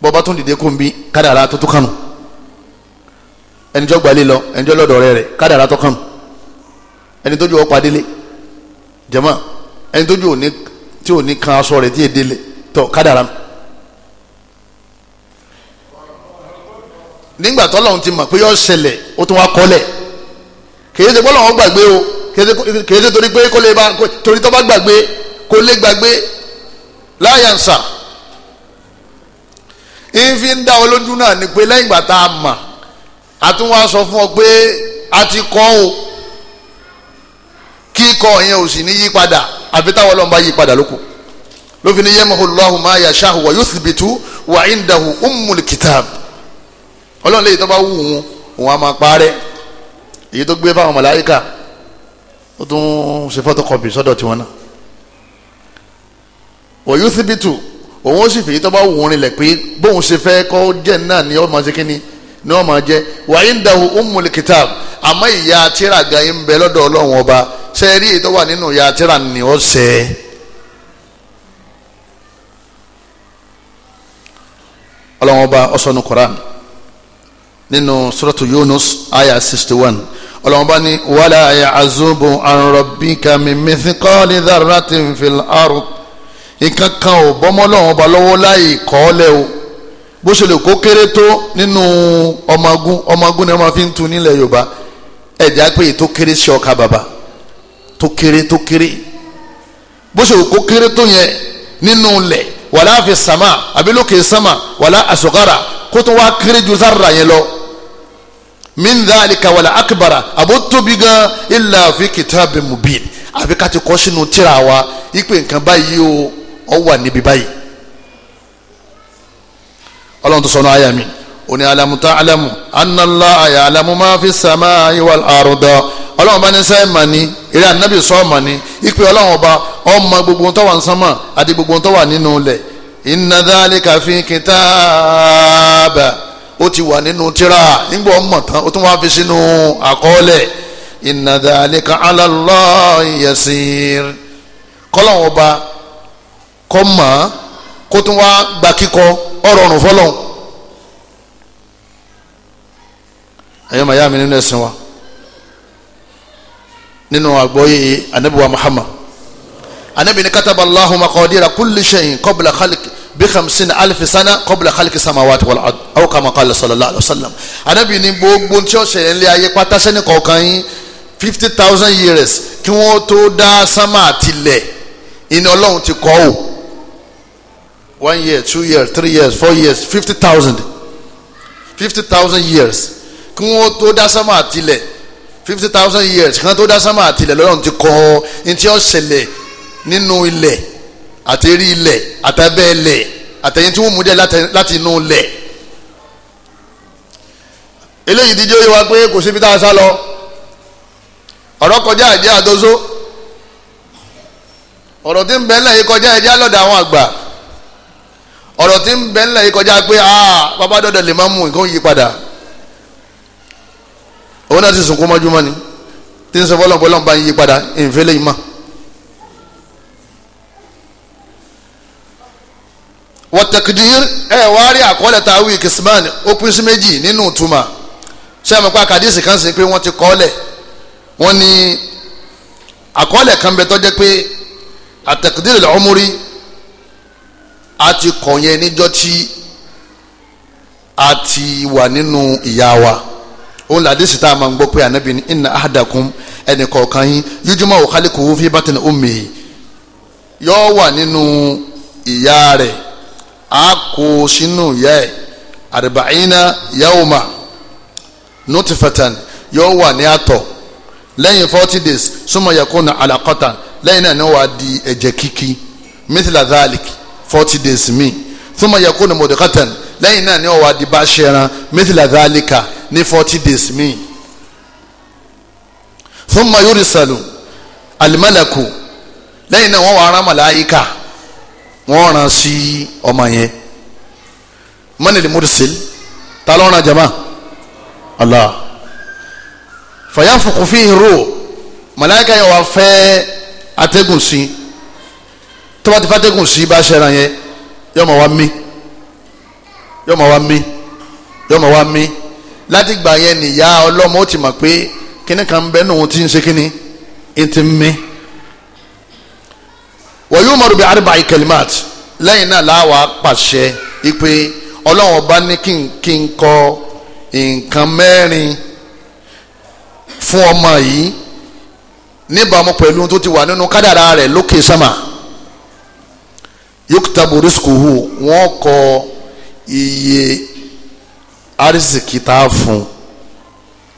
bọ́ba tún dìde kún bí kádàrá tó tún kànú ẹnìjọ́ gbalẹ̀ lọ ẹnìjọ́ lọ́dọ̀ rẹ̀ rẹ̀ kádàrá tó kànú ẹni tójú ọ padélé jẹ̀mọ́ ẹni tójú òní tí òní kan aṣọ rẹ̀ tí èdè lẹ̀ tọ́ kádàrá nù. nígbà tọ́lọ́hún ti mọ̀ pé yọ kèédé torí pé kó lè ba torí tó bá gbàgbé kó lè gbàgbé láyànsà ìfi ń dá ọ lójú náà ni pé lẹ́yìn ìgbà tá a mà àtúnwá sọ fún ọ pé a ti kọ́ o kíkọ yẹn ò sì ní yí padà àfi táwọn ọlọ́run bá yí padà lóko lófin ní yẹmọ olùwàhùn máa yà ṣáà wà yóò sì bìtú wà ń dàhùn ummul kitab ọlọ́run lè yí tó bá wù wọn òun á máa parẹ́ èyí tó gbé fáwọn màláíkà ó tún ṣe photocopy sọ́dọ̀ tiwọn náà òyú síbi tù òun ó sì fèyí tó bá wù ú rinlẹ̀ pé bóun ṣe fẹ́ kọ́ jẹ́ náà ni ó ṣe kínní ni ó máa jẹ́ wàyí ń dàwọ̀ ummul kitab àmọ́ ìyá tíra gan yín bẹ lọ́dọ̀ ọlọ́run ọba ṣe é rí èyí wà nínú ìyá tíra ni ó ṣe é. ọlọ́run ọba ọ̀sán ní Quran nínú suratu Yunus ayah sixty one ọlọ́run bá ní wala ya'zubu an rabbika min mithqali dharratin fil ard ìkankan ò bọ́mọ́ lọ́wọ́n ba lọ́wọ́ láì kọ́ọ́lẹ̀ o bó ṣe lè kó kéré tó nínú ọmọgún ọmọgún ni wọ́n fi ń tu nílẹ̀ yorùbá ẹ̀já pé tó kéré sí ọkà bàbà tó kéré tó kéré bó ṣe kó kéré tó yẹn nínú lẹ̀ wala fi sàmà àbí lókè sàmà wala àsọ̀kára kó tó wá kéré ju sára yẹn lọ min dhalika wala akbara àbó tóbi gan illa fi kitabin mubin àbí ká ti kọ́ sínú tíra wa ipe nǹkan báyìí o ọ wà níbi báyìí ọlọ́run tó sọnù àyà mi òní alamuta alamu anala aya alamu máa fi sàmà wal arda ọlọ́run bá ní sẹ́ mà ní eré anabi sọ mà ní ipe ọlọ́run ọba ọmọ gbogbo tó wà ń àti gbogbo tó wà nínú ilẹ̀ inna dhalika fi ó ti wà nínú tírà nígbà ọmọ tán ó tún wá fi sínú àkọọ́lẹ̀ inna dhalika ala Allahi yasir kọ́lọ́hún ọba kọ́ mọ̀ ọ́ kó tún wá gba kíkọ ọ̀rọ̀ ọ̀rùn fọlọ́hún. ẹ̀yọ́ màyá mi nínú ẹ̀sìn wa nínú àgbọ̀yé anabiwa Muhammad anabi ni kataba Allahu kulli shay'in qabla khalqi bi khamsina alifi sana qabla khalqi samawati wal ard aw kama qala sallallahu alayhi wa sallam anabi ni gbogbo tí ó ṣẹlẹ̀ nílé ayé pátáṣẹ́ ní yín fifty thousand years kí wọ́n tó dá sánmà àtìlẹ̀ ìní ọlọ́run ti kọ́ ò one year two years three years four years fifty thousand fifty thousand years kí wọ́n tó dá sánmà àtìlẹ̀ fifty thousand years kí wọ́n tó dá sánmà àtìlẹ̀ lọ́run ti kọ́ ọ́ ní tí ó ṣẹlẹ̀ nínú ilẹ̀ àti rí ilẹ̀ àtàbẹ́ ilẹ̀ àtẹ̀yìn tí wọ́n mú dé láti inú ilẹ̀ eléyìí dídí ó yẹ wa pé kò síbi tá a sá lọ ọ̀rọ̀ kọjá àjẹ́ àdóso ọ̀rọ̀ tí ń bẹ ńlẹ̀ yìí kọjá ẹ̀jẹ̀ àlọ́dà àwọn àgbà ọ̀rọ̀ tí ń bẹ ńlẹ̀ yìí kọjá pé aa lè máa mú nǹkan yí padà òun náà ti sùn kó mọ́júmọ́ ni tí ń sọ fọlọ́n wọ́tẹ̀kìdìr ẹ̀ wá rí àkọọ́lẹ̀ tá a wí kìsìmán ó pín sí méjì nínú ìtumọ̀ ṣé ẹ mọ̀ pé àkàdísì kan sì pé wọ́n ti kọ́ọ́lẹ̀ wọ́n ní àkọọ́lẹ̀ kan bẹ tọ́jẹ́ pé àtẹ̀kìdìr lọ́múrí a ti kọ̀ yẹn níjọ́ tí a ti wà nínú ìyá wa òun làdísì tá a máa ń gbọ́ pé ànábì ní inna ahadakum ẹnì kọ̀ọ̀kan yín yujma'u khalquhu fi batni ummihi yóò wà nínú a kó sínú ìyá ẹ̀ arba'ina yawma nutifatan yóò wà ní àtọ̀ lẹ́yìn forty days suma yakuna alaqatan lẹ́yìn náà ni wàá di ẹ̀jẹ̀ kíkí mithla dhalik forty days mi suma yakuna mudghatan lẹ́yìn náà ni wàá di bá ṣẹran mithla dhalika ní forty days mi suma yurisalu alimalaku lẹ́yìn náà wọ́n wàá rán màláyíkà wọ́n rán sí ọmọ yẹn mọ́nìlì mùrìsìl ta jama Allah fàyàfùkù fi hìrò màláìka yẹn wà fẹ́ atẹ́gùn sí tọ́ba ti fàtẹ́gùn sí bá ṣẹran yẹn yọ ma wá mí yọ ma wá mí yọ ma mí láti gbà yẹn nìyá ọlọ́mọ ó ti mọ̀ pé kíní kan bẹ́ẹ̀ nù ti ń ṣe kíní ètí ń mí wa yu'maru bi arba'i kalimat lẹ́yìn náà láwa pàṣẹ ipe ọlọ́run ọba ní kí n kí n kọ nǹkan mẹ́rin fún ọmọ yìí níbàámu pẹ̀lú tó ti wà nínú kádàrá rẹ̀ lókè sámà yuktabu riskuhu wọ́n kọ iye arísìkì tá a fún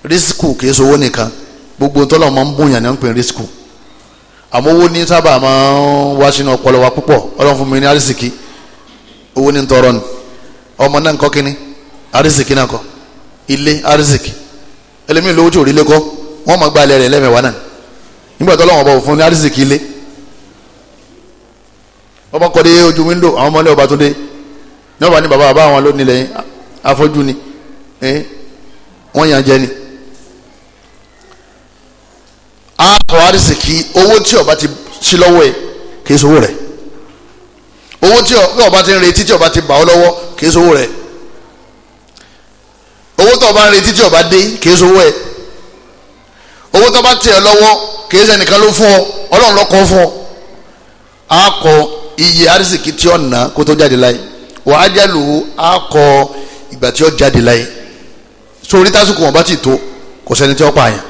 risku kìí sọ owó nìkan gbogbo ntọ́lọ́ máa ń bóyá ní à pè ní risku àmọ́ owó ní sábà máa ń wá sínú ọpọlọ wa púpọ̀ ọlọ́run fún mi ní arísìkí owó ní tọrọ ni ọmọ náà ń kọ́ kínní arísìkí náà kọ́ ilé arísìkí ẹlẹ́mìí lówó tí ò rí lé kọ́ wọ́n máa gba ilẹ̀ rẹ̀ lẹ́mẹ̀wá náà nígbà tó lọ́wọ́ ọba òfin ní arísìkí ilé ọba kọ́ dé ojú wíńdò àwọn ọmọlé ọba tó dé ní ọba ní bàbá bàbá àwọn lónìí afọ́jú ni wọ́n yàn jẹ ni á kọ àrísìkí owó tí ọba ti sí lọ́wọ́ ẹ kì í sowó rẹ̀ owó tí ọba ti ń retí tí ọba ti bà ọ́ lọ́wọ́ kì í sowó rẹ̀ owó tó ọba ń retí tí ọba dé kì í sowó ẹ owó tó bá tẹ̀ lọ́wọ́ kì í sẹ́nìkan ló fún ọ ọlọ́run lọ́kọ́ fún ọ á iye àrísìkí tí ọ̀nà kó tó jáde láyé wà á jálù ìgbà tí ó jáde láyé sórí tásìkò wọn bá ti tó kò sẹ́ni tí ó pààyàn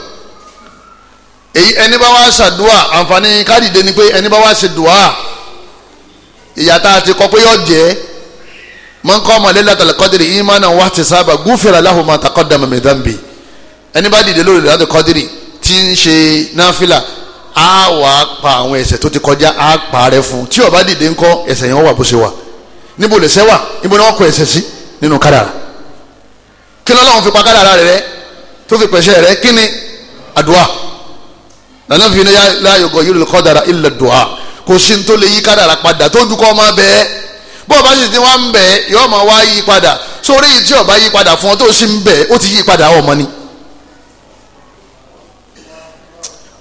èyí ẹni bá wá ṣàdúà àǹfààní kádìdé ni pé ẹni bá wá ṣe dùà ìyà tá a ti kọ pé yọ jẹ́ man qama laylatal qadri imanan wahtisaba gufira lahu ma taqaddama min dhanbi ẹni bá dìde lórí laylatal qadri tí ń ṣe náfìlà á wà á pa àwọn ẹ̀ṣẹ̀ tó ti kọjá á pa rẹ fún tí ó dìde ńkọ́ ẹ̀ṣẹ̀ yẹn wà bó ṣe wà níbo lẹ̀ṣẹ̀ wà níbo ni wọ́n kọ ẹ̀ṣẹ̀ sí nínú kádàrà kí lọ́lọ́run fi pa kádàrà rẹ tó fi pẹ̀ṣẹ̀ rẹ kí ni àdúrà lànà fi ní láyọ̀gọ̀ yìí lọ́kọ́ dara ilẹ̀ dùá kò sí ní tó lè yí kádàrà padà tó ń dúkọ́ ọmọ bẹ́ẹ̀ bó o bá sì ti wá ń bẹ̀ yọ ọmọ wá yí padà sórí yìí tí ọba yí padà fún ọ tó sì ń bẹ̀ ó ti yí padà ọmọ ni.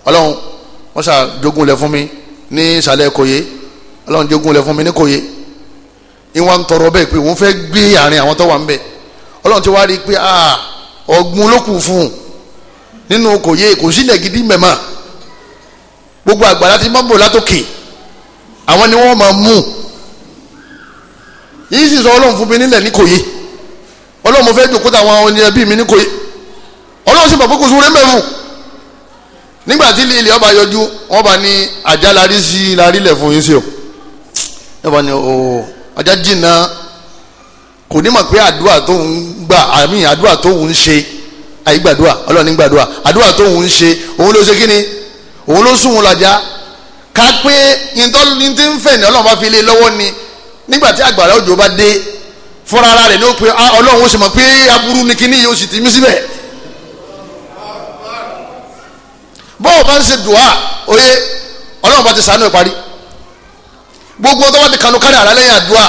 ọlọ́run wọ́n ṣà jogún lẹ̀ fún mi ní ìsàlẹ̀ kòye ọlọ́run jogún lẹ̀ fún mi ní kòye ìwọ̀n ń tọrọ bẹ́ẹ̀ pé òun fẹ́ gbé àárín àwọn tó wà ń bẹ̀ ọlọ́run ti wá rí i pé ah, ọ̀gbun ló kù fún un nínú kòye kò sí nẹ̀gídí mẹ́mọ́ gbogbo àgbàlá ti mọ́ bò látòkè àwọn ni wọ́n máa mú yìí sì sọ ọlọ́run fún mi nílẹ̀ níkòyí ọlọ́run mo fẹ́ jòkó táwọn ọ̀nì ẹbí mi níkòyí ọlọ́run sì bàbá kò sún rẹ́ mẹ́fù nígbà tí ilé ọba yọjú wọn bá ní ajá larí sí larí lẹ̀ fún yín sí o ẹ bá ní o ajá jìnnà kò ní mọ̀ pé àdúrà tó ń gbà àmì àdúrà tó ń ṣe àyígbàdúrà ọlọ́run ní gbàdúrà àdúrà tó ń ṣe òun ló ṣe kí ni òun ló sùn wọn lọ́jà ká pé ní tí ń fẹ̀ ní ọlọ́run bá fi lé lọ́wọ́ ni nígbà tí àgbàrá òjò bá dé fúnra rẹ̀ ní ó pe ah, ọlọ́run ó sì mọ̀ pé aburú ni kíní yìí ó sì ti mí síbẹ̀. bọ́ọ̀ bá ń ṣe dùá oyè ọlọ́run bá ti sànú ẹ̀ parí gbogbo ọtọ́ bá ti kanu kárí àrà lẹ́yìn àdúrà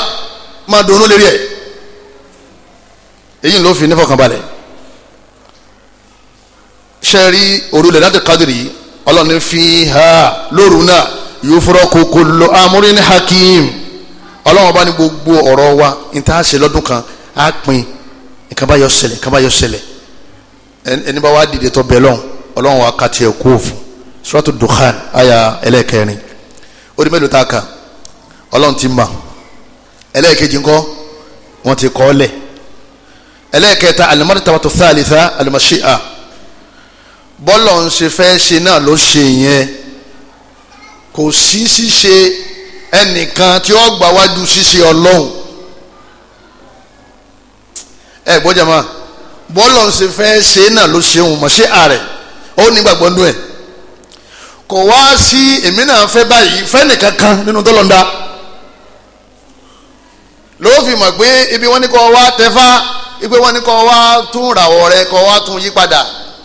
máa dùnú lérí ẹ̀ èyí ló fi nífọ̀kànbalẹ̀ ṣe rí òrùlẹ̀ láti kádìrì yìí ọlọ́ni fi ha lóru náà yufraku kullu amrin hakim ọlọ́run bá ní gbogbo ọ̀rọ̀ wa níta ṣe lọ́dún kan á pin nǹkan bá yọ ṣẹlẹ̀ nǹkan bá yọ ṣẹlẹ̀ ẹni bá wá dìde tọ́ bẹ́ẹ̀ lọ́hùn ọlọ́run wa ká tiẹ̀ kú òfin suratu dukhan aya ẹlẹ́ẹ̀kẹrin ó di mélòó tá kà ọlọ́run ti mà ẹlẹ́ẹ̀kejì ńkọ́ wọ́n ti kọ́ ọ lẹ̀ ẹlẹ́ẹ̀kẹta alimọ́tàwọ́tò thalitha alimashi'a bọ́lọ̀ ń ṣe fẹ́ ṣe náà ló ṣe yẹn kò sí ṣíṣe ẹnìkan tí ó gbà wájú ṣíṣe ọlọ́run ẹ gbọ́dọ̀ máa bọ́lọ̀ ń ṣe fẹ́ ṣe náà ló ṣe òun mọ̀ ṣé ààrẹ ó nígbàgbọ́ nínú ẹ̀ kò wá sí kan nínú ló fi mọ̀ pé ibi wá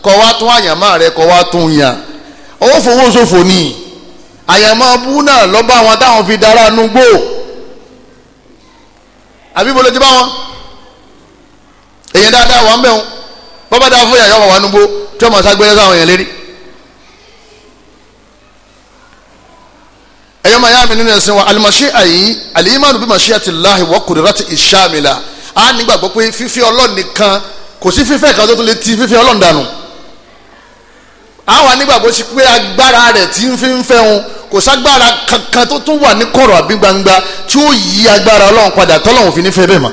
kọ́ wá tún àyànmọ́ rẹ kọ́ wá tún yàn owó fowó ṣòfò ni àyànmọ́ bú náà lọ bá wọn táwọn fi dára nugbó àbí mo lè ti bá wọn èyàn dáadáa wà ń bẹ̀ wọn bọ́bá dáa fún yàyà wà wà nugbó tí ọmọ ságbẹ́rẹ́ sáwọn èèyàn lérí. ẹ̀yọ́ máa mi nínú ẹ̀sìn wa alimọ̀ṣẹ́ àyí aliyimanu bí mọ̀ṣẹ́ àti láhi wọ́n kò rẹ́rẹ́ ti ìṣàmìlà á nígbàgbọ́ pé fífẹ́ Ọlọ́run nìkan kò sí fífẹ́ kan tó lè ti fífẹ́ Ọlọ́run dànù. a anígbàgbọ́ sí pé agbára rẹ̀ ti ń fi ń fẹ́ wọn kò ságbára kankan tó tún wà ní kọ̀rọ̀ àbí gbangba tí ó yí agbára ọlọ́run padà tọ́lọ́run fi nífẹ̀ẹ́ bẹ́ẹ̀ mọ́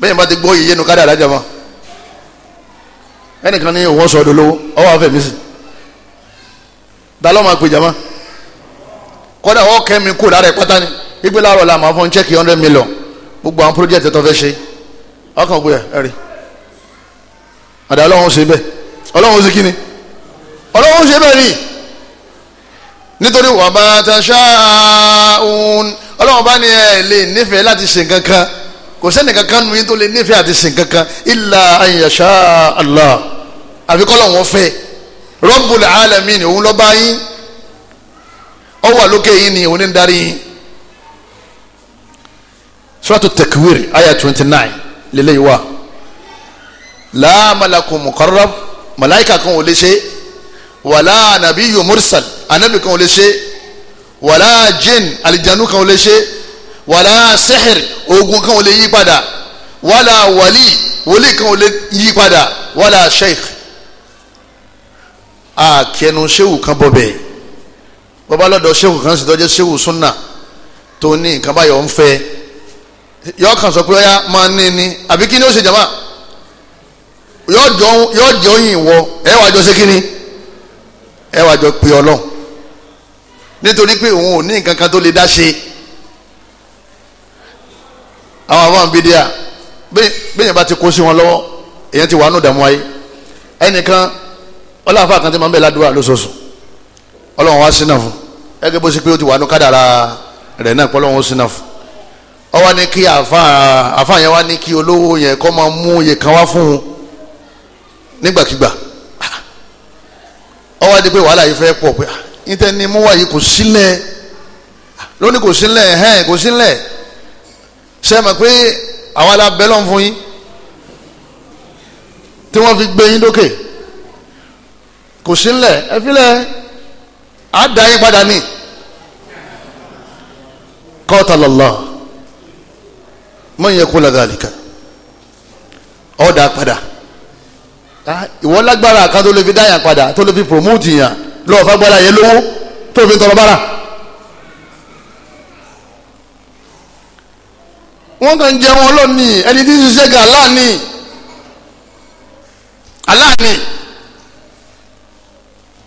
bẹ́ẹ̀ bá ti gbọ́ yìí yẹnu kádà lájà mọ́ ẹnìkan ní òwò sọ̀dọ̀ lówó ọwọ́ àfẹ̀mí sí dalọ́ máa kọ́dà ọ̀ kẹ́mi la máa àdá ọlọ́run ṣe bẹ́ẹ̀ ọlọ́run ṣe kíni ọlọ́run ṣe bẹ́ẹ̀ ni nítorí wà bá tasha'un ọlọ́run bá ní ẹ lè nífẹ̀ẹ́ láti ṣe nǹkan kan kò sẹ́ni kankan nu yín tó lè nífẹ̀ẹ́ àti ṣe nǹkan kan illa an yasha Allah àfikọ́ lọ́wọ́ fẹ́ Rabbul alamin òun ló bá yín ó wà yín ni òun ní darí yín Suratu Takwir aya twenty nine lélẹ́yìí wà la malakun muqarrab malaika kan ò lè ṣe wàlá nabiyu mursal anabi kan ò lè ṣe wàlá jin alijanu kan ò lè ṣe wàlá sihir oògùn kan ò lè yí padà wàlá wali wòlíì kan ò lè yí padà wàlá sheikh akẹnu sehu kan bọ bẹ́ẹ̀ babalọdọ sehu kan sì tọjẹ sunna tó ní nǹkan báyọ̀ ń kan sọ pé ọ̀ya máa ní ni àbí jama yóò jẹ́ oyin ìwọ ẹ wàá jọ ṣe kínní ẹ wàá jọ pé ọlọ́run nítorí pé òun ò ní nǹkan kan tó lè dá ṣe àwọn àwọn àbídíà bẹ́ẹ̀ bá ti kó sí wọn lọ́wọ́ èèyàn ti wà nù dààmú ayé ẹnìkan ọlọ́àfà kan ti máa ń bẹ̀ ládùúrà lóṣooṣù ọlọ́run wá sínà fún ẹgbẹ́ bó ṣe pé ó ti wà nù kádàrà rẹ̀ náà pọ́ ọlọ́run ó sínà fún ọ wá ní kí àfà àfà yẹn wá ní kí olówó yẹn kọ́ máa mú iye kan wá fún un nígbàkigbà ó wá di pé wàhálà yìí fẹ́ pọ̀ pé ah, níta ni mú wáyé kò sílẹ̀ ah, lónìí kò sílẹ̀ hẹ́n kò sílẹ̀ ṣe mọ̀ pé àwọn alábẹ́ lọ́n fún yín tí wọ́n fi gbé yín dókè kò sílẹ̀ ẹ fílẹ̀ á dá yín padà ní kọ́tàlọ́lọ́ mọ̀ yẹ kó lọ́gàlì kan ọ̀ dá padà ìwọ lágbára kan tó lè fi dáyà padà tó lè fi promote yàn lọ́wọ́ fagbára yẹn lówó tó fi tọrọ bára. wọ́n kàn jẹ́ wọn lónìí ẹni tí ń ṣiṣẹ́ gan aláàní aláàní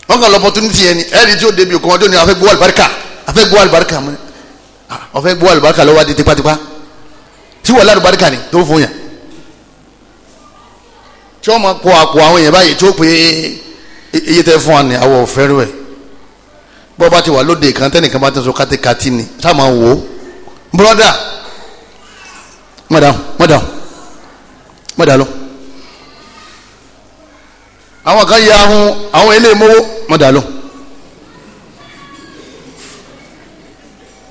wọ́n kàn lọ opportunity yẹn ni ẹni tí ó débi òkú wọn tó ní afẹ́ gbọ́ àlùbáríkà afẹ́ gbọ́ àlùbáríkà mọ́ afẹ́ gbọ́ àlùbáríkà lọ́wọ́ adé tipátipá tí wọ́n lálùbáríkà ni tó fún yàn tí wọ́n máa kó àpò àwọn èèyàn báyìí tó pé iye tẹ fún wa ní àwọ̀ fẹ́rù ẹ̀ bọ́ bá ti wà lóde kan tẹ́nìkan bá ti sọ ni tá a máa wò ó bọ́dà mọ̀dà mọ̀dà mọ̀dà lọ àwọn kan ya ahun àwọn ilé mowó mọ̀dà lọ.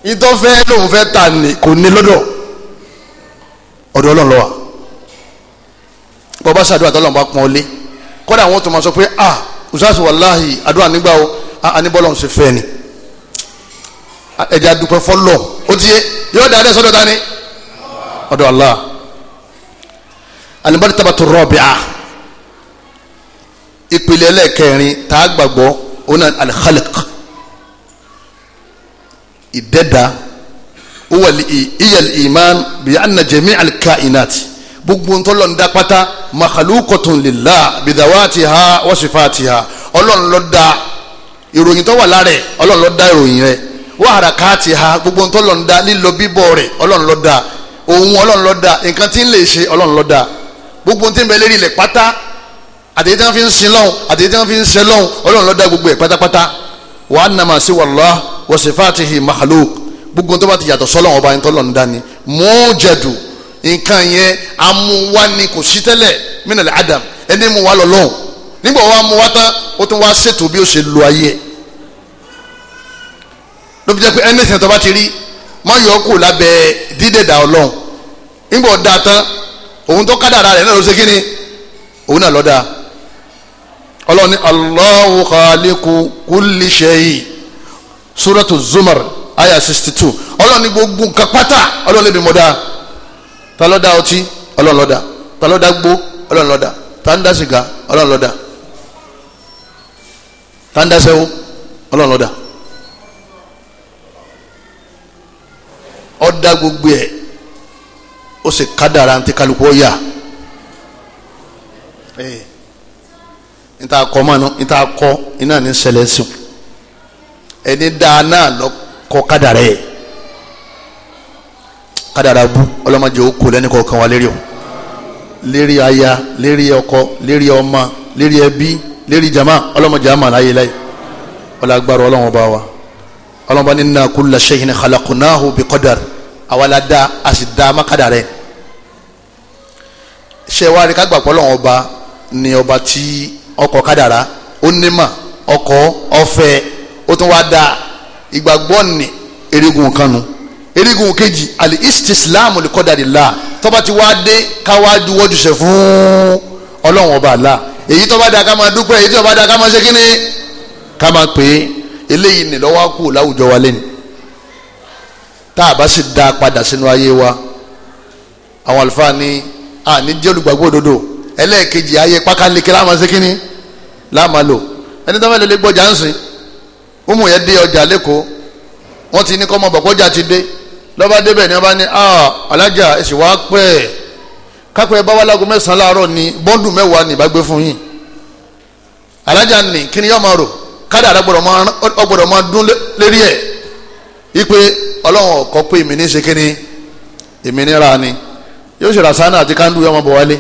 ìtọ́fẹ́ lòun fẹ́ ta ni kò ní lọ́dọ̀ bàbá sàdúrà tọ́lọ́ bá pọ́n lé kódà àwọn tó máa sọ pé ah usasi wàláhì àdúrà nígbà o aníbọ́lọ́ ṣe fẹ́ ni ẹ̀jẹ̀ àdúpẹ́ fọ́lọ́ ó ti yé yóò dáadé sọ́dọ̀ tani ọ̀dọ̀ Allah alibari tabatu rọ́bìà ìpìlẹ̀ ẹlẹ́ẹ̀kẹrin tá a gbàgbọ́ òun náà alikalik ìdẹ́da iyal iman bi anna gbogbo ohun tó lọ́n da pátá bidawati lillah wasifati wasifatiha ọlọ́run ló dá ìròyìn tó wà lára ẹ̀ ọlọ́run ló dá ìròyìn rẹ̀ wa harakatiha gbogbo ohun tó lọ́n da lílọ bíbọ̀ rẹ̀ ọlọ́run ló dá ohun ọlọ́run ló dá nǹkan tí ń lè ṣe ọlọ́run ló dá gbogbo ohun tí ń bẹ lérí ilẹ̀ pátá àtẹ̀yẹ tí wọ́n fi ń sin lọ́hùn àtẹ̀yẹ tí wọ́n fi ń sin lọ́hùn ọlọ́run ló dá gbogbo ẹ̀ pátápátá wa annama siwallah wasifatihi makhaluk gbogbo ohun tó bá ti yàtọ̀ sọ́lọ́run ọba ẹni tó lọ́n da ni mọ́ọ́jẹ̀dù nǹkan yẹn amúwá ni kò sí tẹ́lẹ̀ mínàlẹ́ adam ẹni mú wa lọ lọ́hùn nígbà wa mú wa tán ó tún wá ṣètò bí ó ṣe lo ayé ẹ̀ ló fi jẹ́ pé ẹni sìn tó bá ti rí má yọ lábẹ́ dídèdà ọlọ́run nígbà ọ̀dà tán òun tó kádàrà rẹ̀ náà ló ṣe kí ni òun náà lọ́dà ọlọ́run ní Allahu khaliqu kulli shay suratu zumar aya sixty two ọlọ́run ní gbogbo nǹkan pátá ọlọ́run lè bí mọ́ dáa ta ló dá ọtí ọlọ́run ló dá ta ló dá gbó ọlọ́run ló dá ta ń dá sìgá ọlọ́run ló dá ta ń dá sẹ́wó ọlọ́run ló dá ó dá gbogbo ẹ̀ ó sì kádàrá ntí kálukú ó yà ee nta iná ní ṣẹlẹ̀ sùn ẹni dáa náà lọ kọ́ kádàrà bú ọlọ́mọdé ó kó lẹ́nu kọ̀ọ̀kan wa lérí o lérí aya lérí ọkọ lérí ọmọ lérí ẹbí lérí jama ọlọ́mọdé àmà láyé láyé ọlọ́gbàrọ̀ ọlọ́wọ́n bá wa ọlọ́wọ́n bá nínú kulla shay'in khalaqnahu bi qadar àwa la dá a sì dá a má kádà rẹ̀ ṣe wá rí ni ọba tí ọkọ̀ kádàrà ó ní mà ọkọ̀ ọfẹ́ ó tún wá dá ìgbàgbọ́ ni erigun kanu erigun kejì ali istislamu likọdadila tọba ti wá dé káwá juwọ́ jùṣẹ̀ fún ọlọ́run ọba àlá èyí tọba da ká máa dúpẹ́ èyí tọba da ká máa ṣe kíni ká máa pè é eléyìí ni lọ́wọ́ kù láwùjọ wa lẹ́nu tá a bá sì da padà sínú ayé wa àwọn àlùfáà ní àní jẹ́ olùgbàgbọ́ òdodo ẹlẹ́ẹ̀kejì ayé pákáleke láwọn ṣe kíni láàmà lò ẹni tó fẹ́ lè lè gbọ́jà ń sìn ó mú yẹn dé ọjà lẹ́kọ̀ọ́ wọ́n ti ní kọ́ ọmọ bọ̀kọ́jà ti dé lọ́ba débẹ̀ ni wọ́n bá ní alájà èsì wàá pẹ́ ẹ̀ kápẹ́ bá wà lágo mẹ́sàn-án láàárọ̀ ni bọ́ndù mẹ́wàá ni ìbágbé fún yín alájà ni kí ni yóò máa rò kádà gbọ́dọ̀ máa dún lérí ẹ̀ ipe ọlọ́run ọ̀kọ́ pé èmi ní ṣe kí ni èmi ní ra ni yóò ṣe rasana àti kandu yóò máa bọ̀ wálé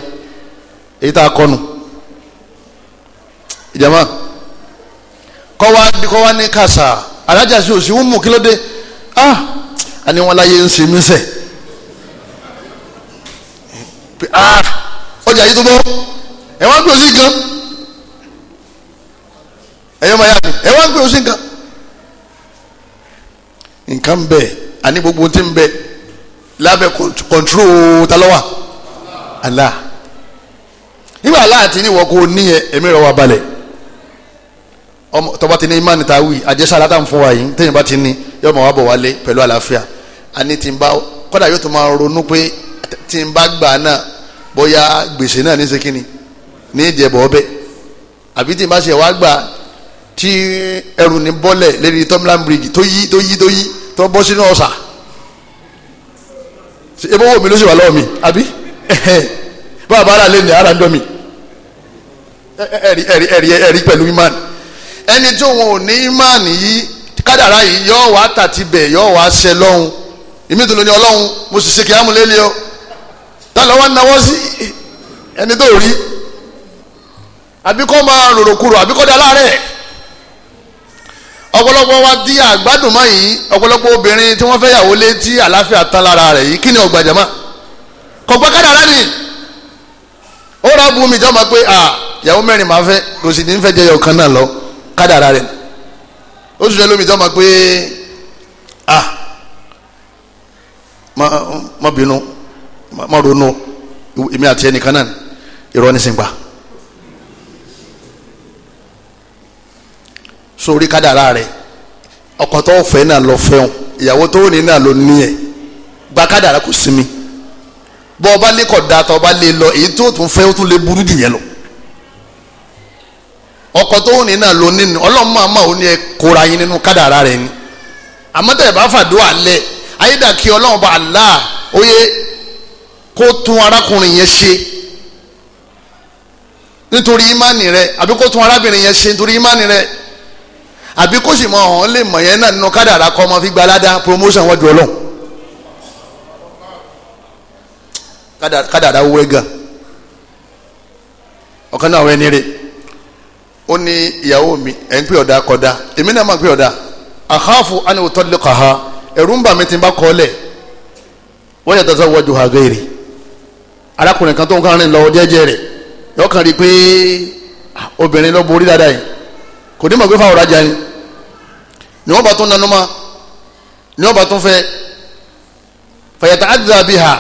èyí tá a kọ́nu ìjàmá kọ́ wa ní kàṣà alájà sí òsì ń mú kí ló dé ah ani ní wọn láyé ń ṣe ah ọjà yìí tó bọ ẹ wá ń pè ó sí nǹkan ẹyọ máa yá mi ẹ wá ń pè ó sí nǹkan ń bẹ àní gbogbo tí ń bẹ lábẹ́ kọ̀ntró talọ́wà Allah nígbà láti ní ìwọ kò ní yẹn ẹ̀mí rẹ̀ wà balẹ̀ tọ́ba ti ní imáni ta wí àjẹsára tá à ń fún wa yìí téèyàn bá ti ní yọmọ wa bọ̀ wálé pẹ̀lú àlàáfíà ani tí n bá kọ́dà yóò tún máa ronú pé tí n bá gbà náà bóyá gbèsè náà ní sekínì ní ìjẹ̀bọ̀ ọbẹ̀ àbí tí n bá ṣe wá gbà tí ẹrù ní bọ́lẹ̀ lérí tọ́mìlán bíríjì tó yí tó yí tó yí tó bọ́ sínú ọ̀sà ebó wo mi ló ṣe wà lọ́wọ́ mi àbí báwa bá ara lé ara ń dọ́ mi ẹ̀rí ẹ̀rí ẹ̀rí ẹ̀rí pẹ̀lú imán ẹni tí òun ò ní imán yìí kádàrá yìí yọ wá tàtibẹ̀ yọ wá ṣẹ ìmí tó ní ọlọ́run mo sì ṣe kí o tá lọ́wọ́ ń sí ẹni tó rí àbí kọ́ máa rorò kúrò àbí ọ̀pọ̀lọpọ̀ wa di àgbádùn mọ́ yìí ọ̀pọ̀lọpọ̀ obìnrin tí wọ́n fẹ́ yàwó lé tí tán lára rẹ̀ yìí kí ni ni ma pé ah yàwó mẹ́rin máa fẹ́ kò sì ní fẹ́ lọ rẹ̀ ó sì jẹ́ lómi ma pé ah. má bínú má ronú èmi àti ẹnìkan náà irọ́ ní sìngbà sórí kádàrá rẹ ọkọ tó fẹ́ náà lọ fẹ́hùn ìyàwó tó ní náà ló ní ẹ gba kádàrá kò sinmi bọ́ ọba ní kọ̀ da tọ́ ọba lè lọ èyí tó tún fẹ́ ó tún lè burú jù yẹn lọ ọkọ tó ní náà ló ní ọlọ́mọ àmọ́ òní ẹ kóra yín nínú kádàrá rẹ ni àmọ́ tẹ̀ bá ayédà kí ọlọ́run bá Allah oyè kó tún arákùnrin yẹn ṣe nítorí ìmánì rẹ àbí kó tún arábìnrin yẹn ṣe nítorí ìmánì rẹ àbí kó sì mọ ọ̀hún lè mọ̀ yẹn náà nínú kádàrá kọ́ ọmọ fi gba aládá promotion wọ́n ju ọlọ́run kádàrá wúwẹ́ gan ọ̀kan náà wọ́n ẹni rè ó ní ìyàwó mi ẹ̀ ń pè ọ̀dà kọ̀dà èmi náà máa ń pè ọ̀dà àkáàfù àni òtọ́lẹ́kọ̀ọ́ ẹ̀rù ń bà mí tí n bá kọ́ lẹ̀ wọ́n yàtọ̀ sọ wọ́jú àgẹ́rì arákùnrin kan tó ń kárin lọ jẹ́jẹ́ rẹ̀ lọ́kàn rí i pé obìnrin lọ́ borí dáadáa yìí kò ní mọ̀ pé fáwọn ọ̀rajà yìí ni wọ́n bá tún nanú ma ni wọ́n bá tún fẹ́ fàyàtà àdàbí ha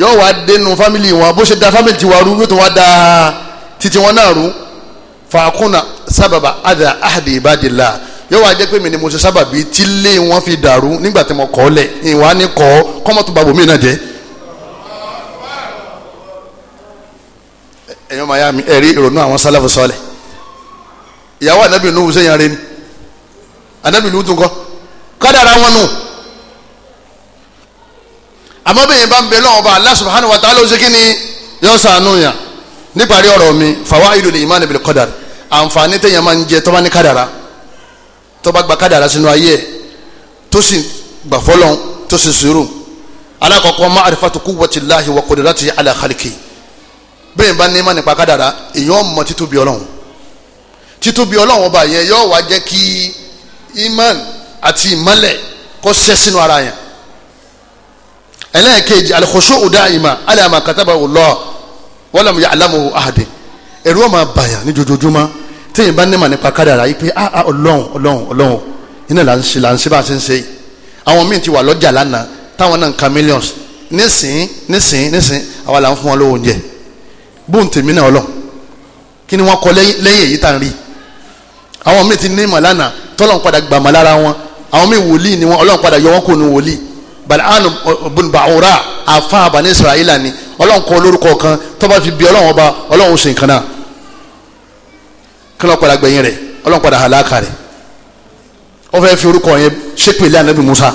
yóò wá dénú fámìlì wọn bó ṣe da fámìlì tiwa rú yóò tún wá da titi wọn náà rú fàákùnà sábàbà àdà àhàdì ìbàdìlá yóò wá jẹ́ pé mi ni mo ṣe sábàbí tí lé wọn fi dàrú nígbà tí mo kọ́ lẹ̀ ìwà ni kọ́ kọ́mọ́tò bàbá mi náà jẹ́. ẹ̀yọ́ máa yá mi ẹ̀rí ìrònú àwọn sálàfù sọ́ọ̀lẹ̀ ìyàwó ànábì nù wùsẹ̀ yàrá ni ànábì nù tún kọ́ kádàrá wọn nù àmọ́ bẹ́ẹ̀ bá ń bẹ lọ́wọ́ bá Allah subhanahu wa ta'ala ó ṣe kí ni yọ sànú yàn níparí ọ̀rọ̀ mi fàwa ìlú ni ìmánibìlì kọ́dàrà àǹfààní téèyàn máa ń jẹ tó ní kádàrá tó bá gba kádàrá sínú ayé ẹ̀ tó sì gbà fọlọ́n tó sì sùúrù alákọ̀ọ́kọ́ má àrífàtú quwwatillahi wa qudratihi ala khalqi bẹ́ẹ̀ bá ní má nípa kádàrá èèyàn mọ títúbi ọlọ́run títúbi ọlọ́run ọba yẹn yóò wá jẹ́ kí iman àti ìmọ́lẹ̀ kó sẹ́ sínú ara yẹn ẹlẹ́ẹ̀kejì al-khushu'u da'ima ala ma katabahu Allah wa lam ya'lamuhu ahad ẹ̀rú ọ̀ máa ní jojoojúmọ́ téèyàn bá nímọ̀ nípa kádàrá yìí pé ah ah ọlọ́run ọlọ́run ọlọ́run iná là ń ṣe là ń ṣe bá a ṣe ń ṣe yìí àwọn míì ti wà lọ́jà lánàá táwọn náà ń ka millions nísìn nísìn nísìn àwa là ń fún wọn lówó oúnjẹ bóun tèmi náà ọlọ́run kí ni wọ́n kọ lẹ́yìn èyí tá à ń rí àwọn míì ti nímọ̀ lánàá tọ́lọ́n padà gbàmọ́ lára wọn àwọn míì wòlíì ni wọn ọlọ́run padà yọ wọn kò ní wòlíì balaanu bunbaura afa abani israẹla ni ọlọ́run kọ lórúkọ kan tọ́ba fi bí ọlọ́run ọba ọlọ́run ṣe nǹkan náà kí ló padà gbẹ̀yìn rẹ̀ ọlọ́run padà halaka rẹ̀ ó fẹ́ fi orúkọ yẹn ṣépè lé anabi musa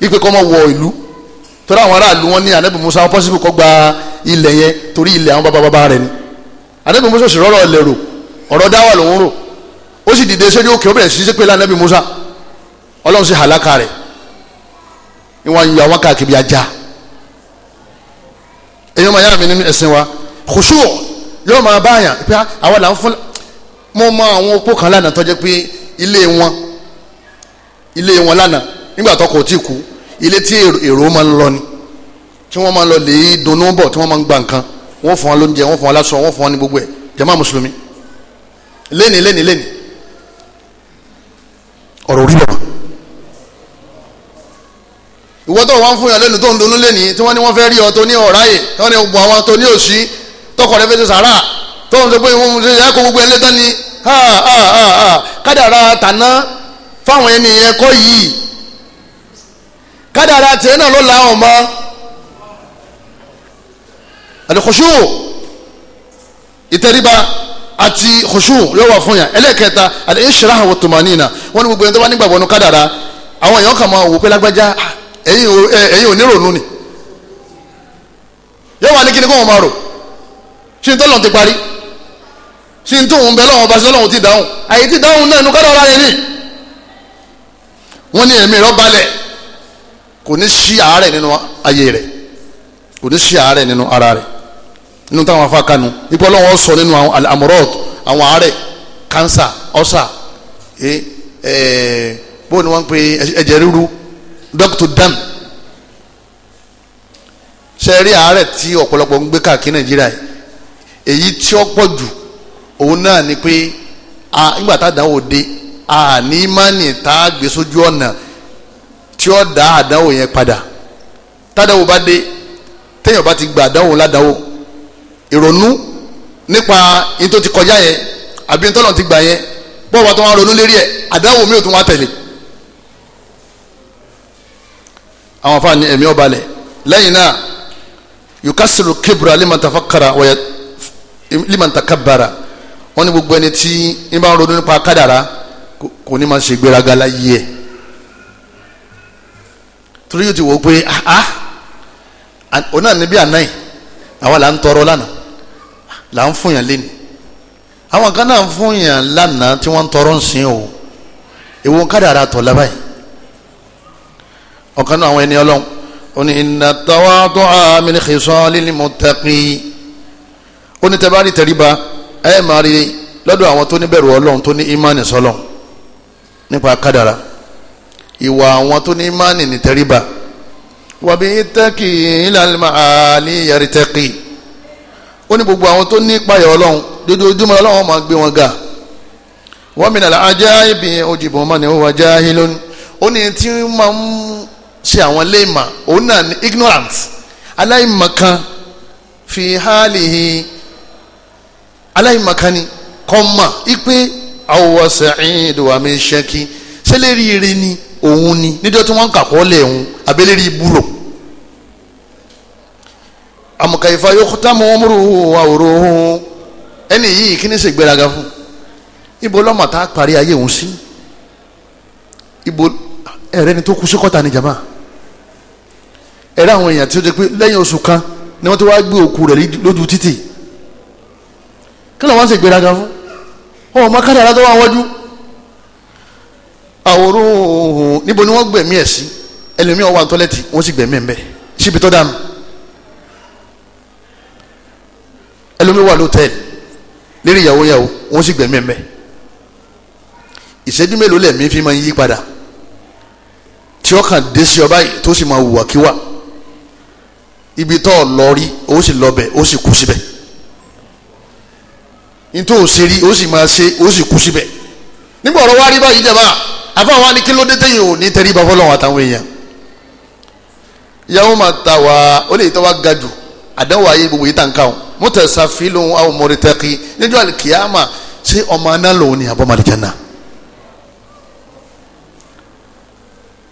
ipe kọ́ mọ̀ wọ ìlú torí àwọn aráàlú wọn ní anabi musa pọ́sibú kọ́ gba ilẹ̀ yẹn torí ilẹ̀ àwọn bàbá bàbá rẹ̀ ni anabi musa sì rọrọ ọlẹ́rò ọ̀rọ̀ dáwà lòún rò ó sì dìde sórí òkè ó sí ṣépè lé anabi musa ọlọ́run sì halaka rẹ̀ ìwọ̀n yọ àwọn káàkiri ajá èyí ọmọ yára mi nínú ẹ̀sìn wa kùsùn mo mọ àwọn opó kan lánàá tó jẹ́ pé ilé wọn ilé wọn lánàá nígbà tó kò tí kú ilé tí èrò máa ń lọ ni tí wọ́n máa ń lọ lè dunnú bọ̀ tí wọ́n máa ń gba nǹkan wọ́n fún wọn lóúnjẹ wọ́n fún wọn láṣọ wọ́n fún wọn ní gbogbo ẹ̀ jàmá mùsùlùmí lẹ́ni lẹ́ni lẹ́ni ọ̀rọ̀ orí bàbá ìwọ tó wà ń fún yàn lẹ́nu tó ń dunnú lẹ́ni tí wọ́n ní wọ́n fẹ́ rí ọ tó ní ọ̀ráyè tí wọ́n ní gbogbo àwọn tó ní òsì tọkọ̀ rẹ fẹ́ sàrà tó ń sọ pé ìwọ́n ṣe yà kó gbogbo ẹ̀ lẹ́tọ́ ni kádàrá tàná fáwọn ẹni yẹn kọ́ yìí kádàrá tiẹ̀ náà ló làwọn mọ́ àdìkọ̀ṣù ìtẹríba àti kọ̀ṣù yóò wà fún yàn ẹlẹ́kẹta àti ìṣẹ̀rá àwọn tòmánìyàn wọn ni gbogbo ẹni tó bá nígbàgbọ́ nu kádàrá àwọn èèyàn kàn máa wò pé lágbájá ẹ̀yin ò ni yóò wà ní kíni kó wọn máa rò ṣé ní tọ́lọ̀ ti parí sí ní tóun bẹ lọ́wọ́ bá sí lọ́wọ́ ti dáhùn àyè ti dáhùn náà inú kádà ọ̀la rẹ̀ ni wọ́n ní ẹ̀mí rẹ̀ balẹ̀ kò ní sí àárẹ̀ nínú ayé rẹ̀ kò ní sí àárẹ̀ nínú ara rẹ̀ nínú táwọn afákanu ipò ọlọ́wọ́ sọ nínú àwọn amurọ́t àwọn àárẹ̀ kánsà ọ̀sà bó ni wọ́n ń pe ẹ̀jẹ̀ ríru dókítà dam ṣe rí àárẹ̀ tí ọ̀pọ̀lọpọ̀ ń gbé káàkiri nàìjíríà èyí tí ó pọ̀ jù òun náà ni pé a nígbà tá àdánwò dé a ní mánì tá a gbé sójú ọ̀nà tí ó dá àdánwò yẹn padà tádánwò bá dé téèyàn bá ti gba àdánwò ládánwò ìrònú nípa ní tó ti kọjá yẹn àbí ní tọ́lọ̀ ti gbà yẹn bọ́ọ̀bù tó wọn ronú lérí ẹ̀ àdánwò mi ò tún wá tẹ̀lé àwọn afa ni ẹ̀mí ọba lẹ̀ lẹ́yìn náà yukasiru kibra limantakabara wọ́n ní gbogbo ẹni tí ń bá ń ronú nípa kádàrá kò ní máa ṣe gbéraga láyé ẹ̀ torí yóò ti wò ó pé ah, ah òun náà níbi àná yìí àwa là ń tọrọ lánàá là ń fún yàn léni àwọn kan náà ń fún yàn lánàá tí wọ́n ń tọrọ ń sìn o èwo kádàrá tọ̀ lábàá yìí ọ̀kan náà àwọn ẹni ọlọ́run ó ní inna tawadu'a min khisalil muttaqi ó ní tẹ́ bá rí tẹríba ẹ máa rí lọ́dọ̀ àwọn tó níbẹ̀rù ọlọ́run tó ní ìmánì sọlọ nípa kádàrà ìwà àwọn tó ní ìmánì ní tẹríba wàbí tẹ́kì ìlànà àlì yẹri tẹ́kì ó ní gbogbo àwọn tó ní ìpayà ọlọ́run dojoojúmọ́ ọlọ́run máa gbé wọn ga wọ́n mi nàlá ajá ibi ojìbọn mọ́ ni ó wà já yín lónìí ó ní tí máa ń ṣe àwọn léèmà òun náà ní ignorance aláìmọ̀kan fi hálì yìí aláìmọ̀kánni kọ́mà ipe àwòwọ̀sẹ̀ ìdòwà mi ṣẹ́kí sẹ́lẹ̀rì ire ni òun ni níjọ́ tí wọ́n ń kàkọ́ọ́lẹ̀ òun abẹ́lẹ́rì ibúlò amukaifa yókùtàmù ọmúrù àwòrò ẹni yìí kí ni ṣègbéraga fún ibo lọ́mọ tá a parí ayé òun sí ibo ẹ̀rẹ́ ni tó kú síkọ́ta ni jama ẹ̀rẹ́ àwọn èèyàn tí ó jẹ́ pé lẹ́yìn oṣù kan ni wọ́n ti wá gbé òkú rẹ̀ lójú títì kí làwọn ṣe gbéraga fún ọmọ makari ara tó wà wájú àwòrán níbo ni wọ́n gbẹ̀mí ẹ̀ sí ẹlòmíràn wà tọ́lẹ́tì wọ́n sì gbẹ̀mí ẹ̀ mbẹ́ síbi tó dànù ẹlòmíràn wà lótẹ́ẹ̀lì lérí ìyàwó yàwó wọ́n sì gbẹ̀mí ẹ̀ mbẹ́ ìṣẹ́jú mélòó lẹ̀mí fi máa ń yí padà tí ó kàn dé sí ọ báyìí tó sì máa hùwà kíwà ibi tó lọ rí ó sì lọ bẹ̀ ó sì kú síbẹ̀ nítorí ó ṣe rí ó sì máa ṣe ó sì kú síbẹ̀ nígbà ọ̀rọ̀ wá rí báyìí jẹ́ báà àfáà wa ni kí ló dé téyìn ò ní tẹríba fọlọ́run àtàwọn èèyàn ìyàwó máa ta wá ó lè tọ́ wá ga jù àdánwò ayé gbogbo yìí tà ń ká o mọ́tẹ̀sáfì lòun àwọn mọ̀rẹ́tẹ́kì níjọ́ àlìkìyàmà ṣé ọmọ aná lòun ni àbọ̀ màlìjánà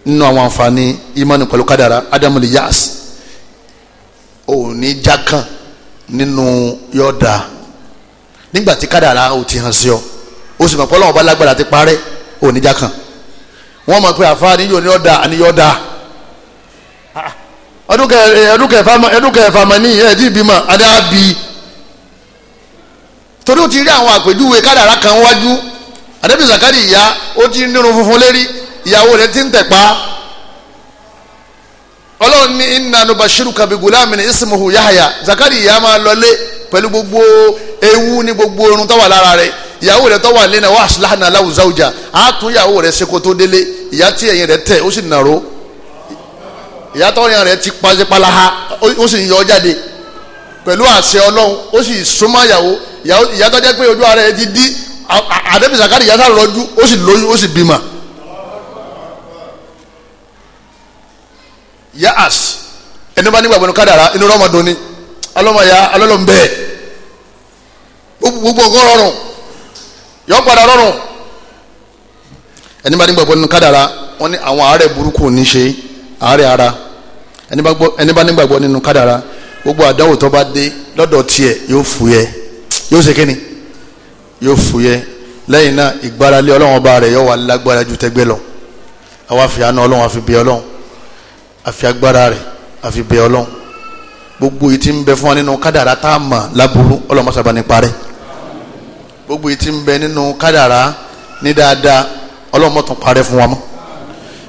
nínú àwọn àǹfààní ìmánu pẹ̀lú kádàrá ádámù lè yáàsì òun jákàn nínú yọ̀ọ̀dà nígbà tí kádàrá ò ti hàn sí ọ o sì mọ̀ pé ọlọ́run bá lágbára ti parẹ́ oníjà kan wọ́n mọ̀ pé àfa níyó ni ọ̀dà àníyó ọ̀dà ah, eh, ọdún kẹfà mọ̀ ní ẹ̀ tí ìbímọ adábì torí o ti rí àwọn àpèjúwe kádàrá kan wájú àdébí zakari ìyá ó ti nírun funfun lérí ìyàwó rẹ̀ ti ń tẹ̀pa ọlọ́run ní inna nubashiruka bi gulamin ismuhu yahya zakari ìyá máa lọlé pẹ̀lú gbogbo ewu ní gbogbo irun tó wà lára rẹ̀ ìyàwó rẹ̀ tó wà lẹ́nà wà síláhànà aláwùjá ọjà á tún ìyàwó rẹ̀ ṣe kó tó délé ìyá tí ẹ̀yìn rẹ̀ tẹ̀ ó sì nàró ìyá tọ́yàn rẹ̀ ti pàṣípàláha ó sì yọ jáde pẹ̀lú àṣẹ ọlọ́run ó sì súnmọ́ ìyàwó ìyá tó jẹ́ pé ojú ara ẹ̀ ti dí àdébìsàkárì ìyá sá rọjú ó sì lóyún ó sì bímọ. yaas ẹni bá nígbàgbọ́n kádàrá inú rọ́mọdún ni alọ́mọ ya alọ́lọ́mbẹ́ẹ́ gbogbo nǹkan rọrùn yọ padà rọrùn ẹni bá nígbàgbọ́ nínú kádàrá wọ́n ní àwọn àárẹ̀ burúkú ní ṣe àárẹ̀ ara ẹni bá nígbàgbọ́ nínú kádàrá gbogbo àdánwò tó bá dé lọ́dọ̀ tiẹ̀ yóò fúyẹ́ yóò ṣe kíni yóò fúyẹ́ lẹ́yìn náà ìgbáralé ọlọ́run ọba rẹ̀ yóò wà lágbára ju tẹ́gbẹ́ lọ àwa fi àánú àfi bẹ ọlọ́run àfi agbára rẹ̀ àfi bẹ ọlọ́run gbogbo yìí ń bẹ fún wa nínú kádàrá tá a mọ̀ láburú ọlọ́run mọ́sàbá gbogbo etí ń bẹ nínú kádàrá ní dáadáa ọlọ́run mọ̀tún parẹ́ fún wa mọ́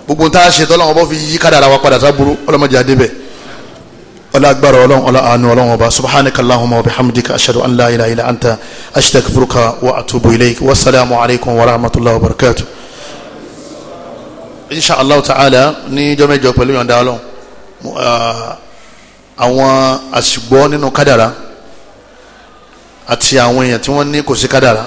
gbogbo tá a ṣe tọ́lọ́run ọba fi yí kádàrá wa padà sábúrú ọlọ́mọdé adébẹ̀ ọlá agbára ọlọ́run ọlá ọlọ́run ọba subhanaka wa bihamdika ashhadu an la ilaha illa anta astaghfiruka wa atubu ilayk wa salaamu alaykum wa rahmatullahi wa barakatuh insha allah ta'ala ní ọjọ́ mẹ́jọ pẹ̀lú yọ̀ǹda ah, àwọn àṣìgbọ́ nínú kádàrá àti àwọn èèyàn tí wọ́n ní kò sí kádàrá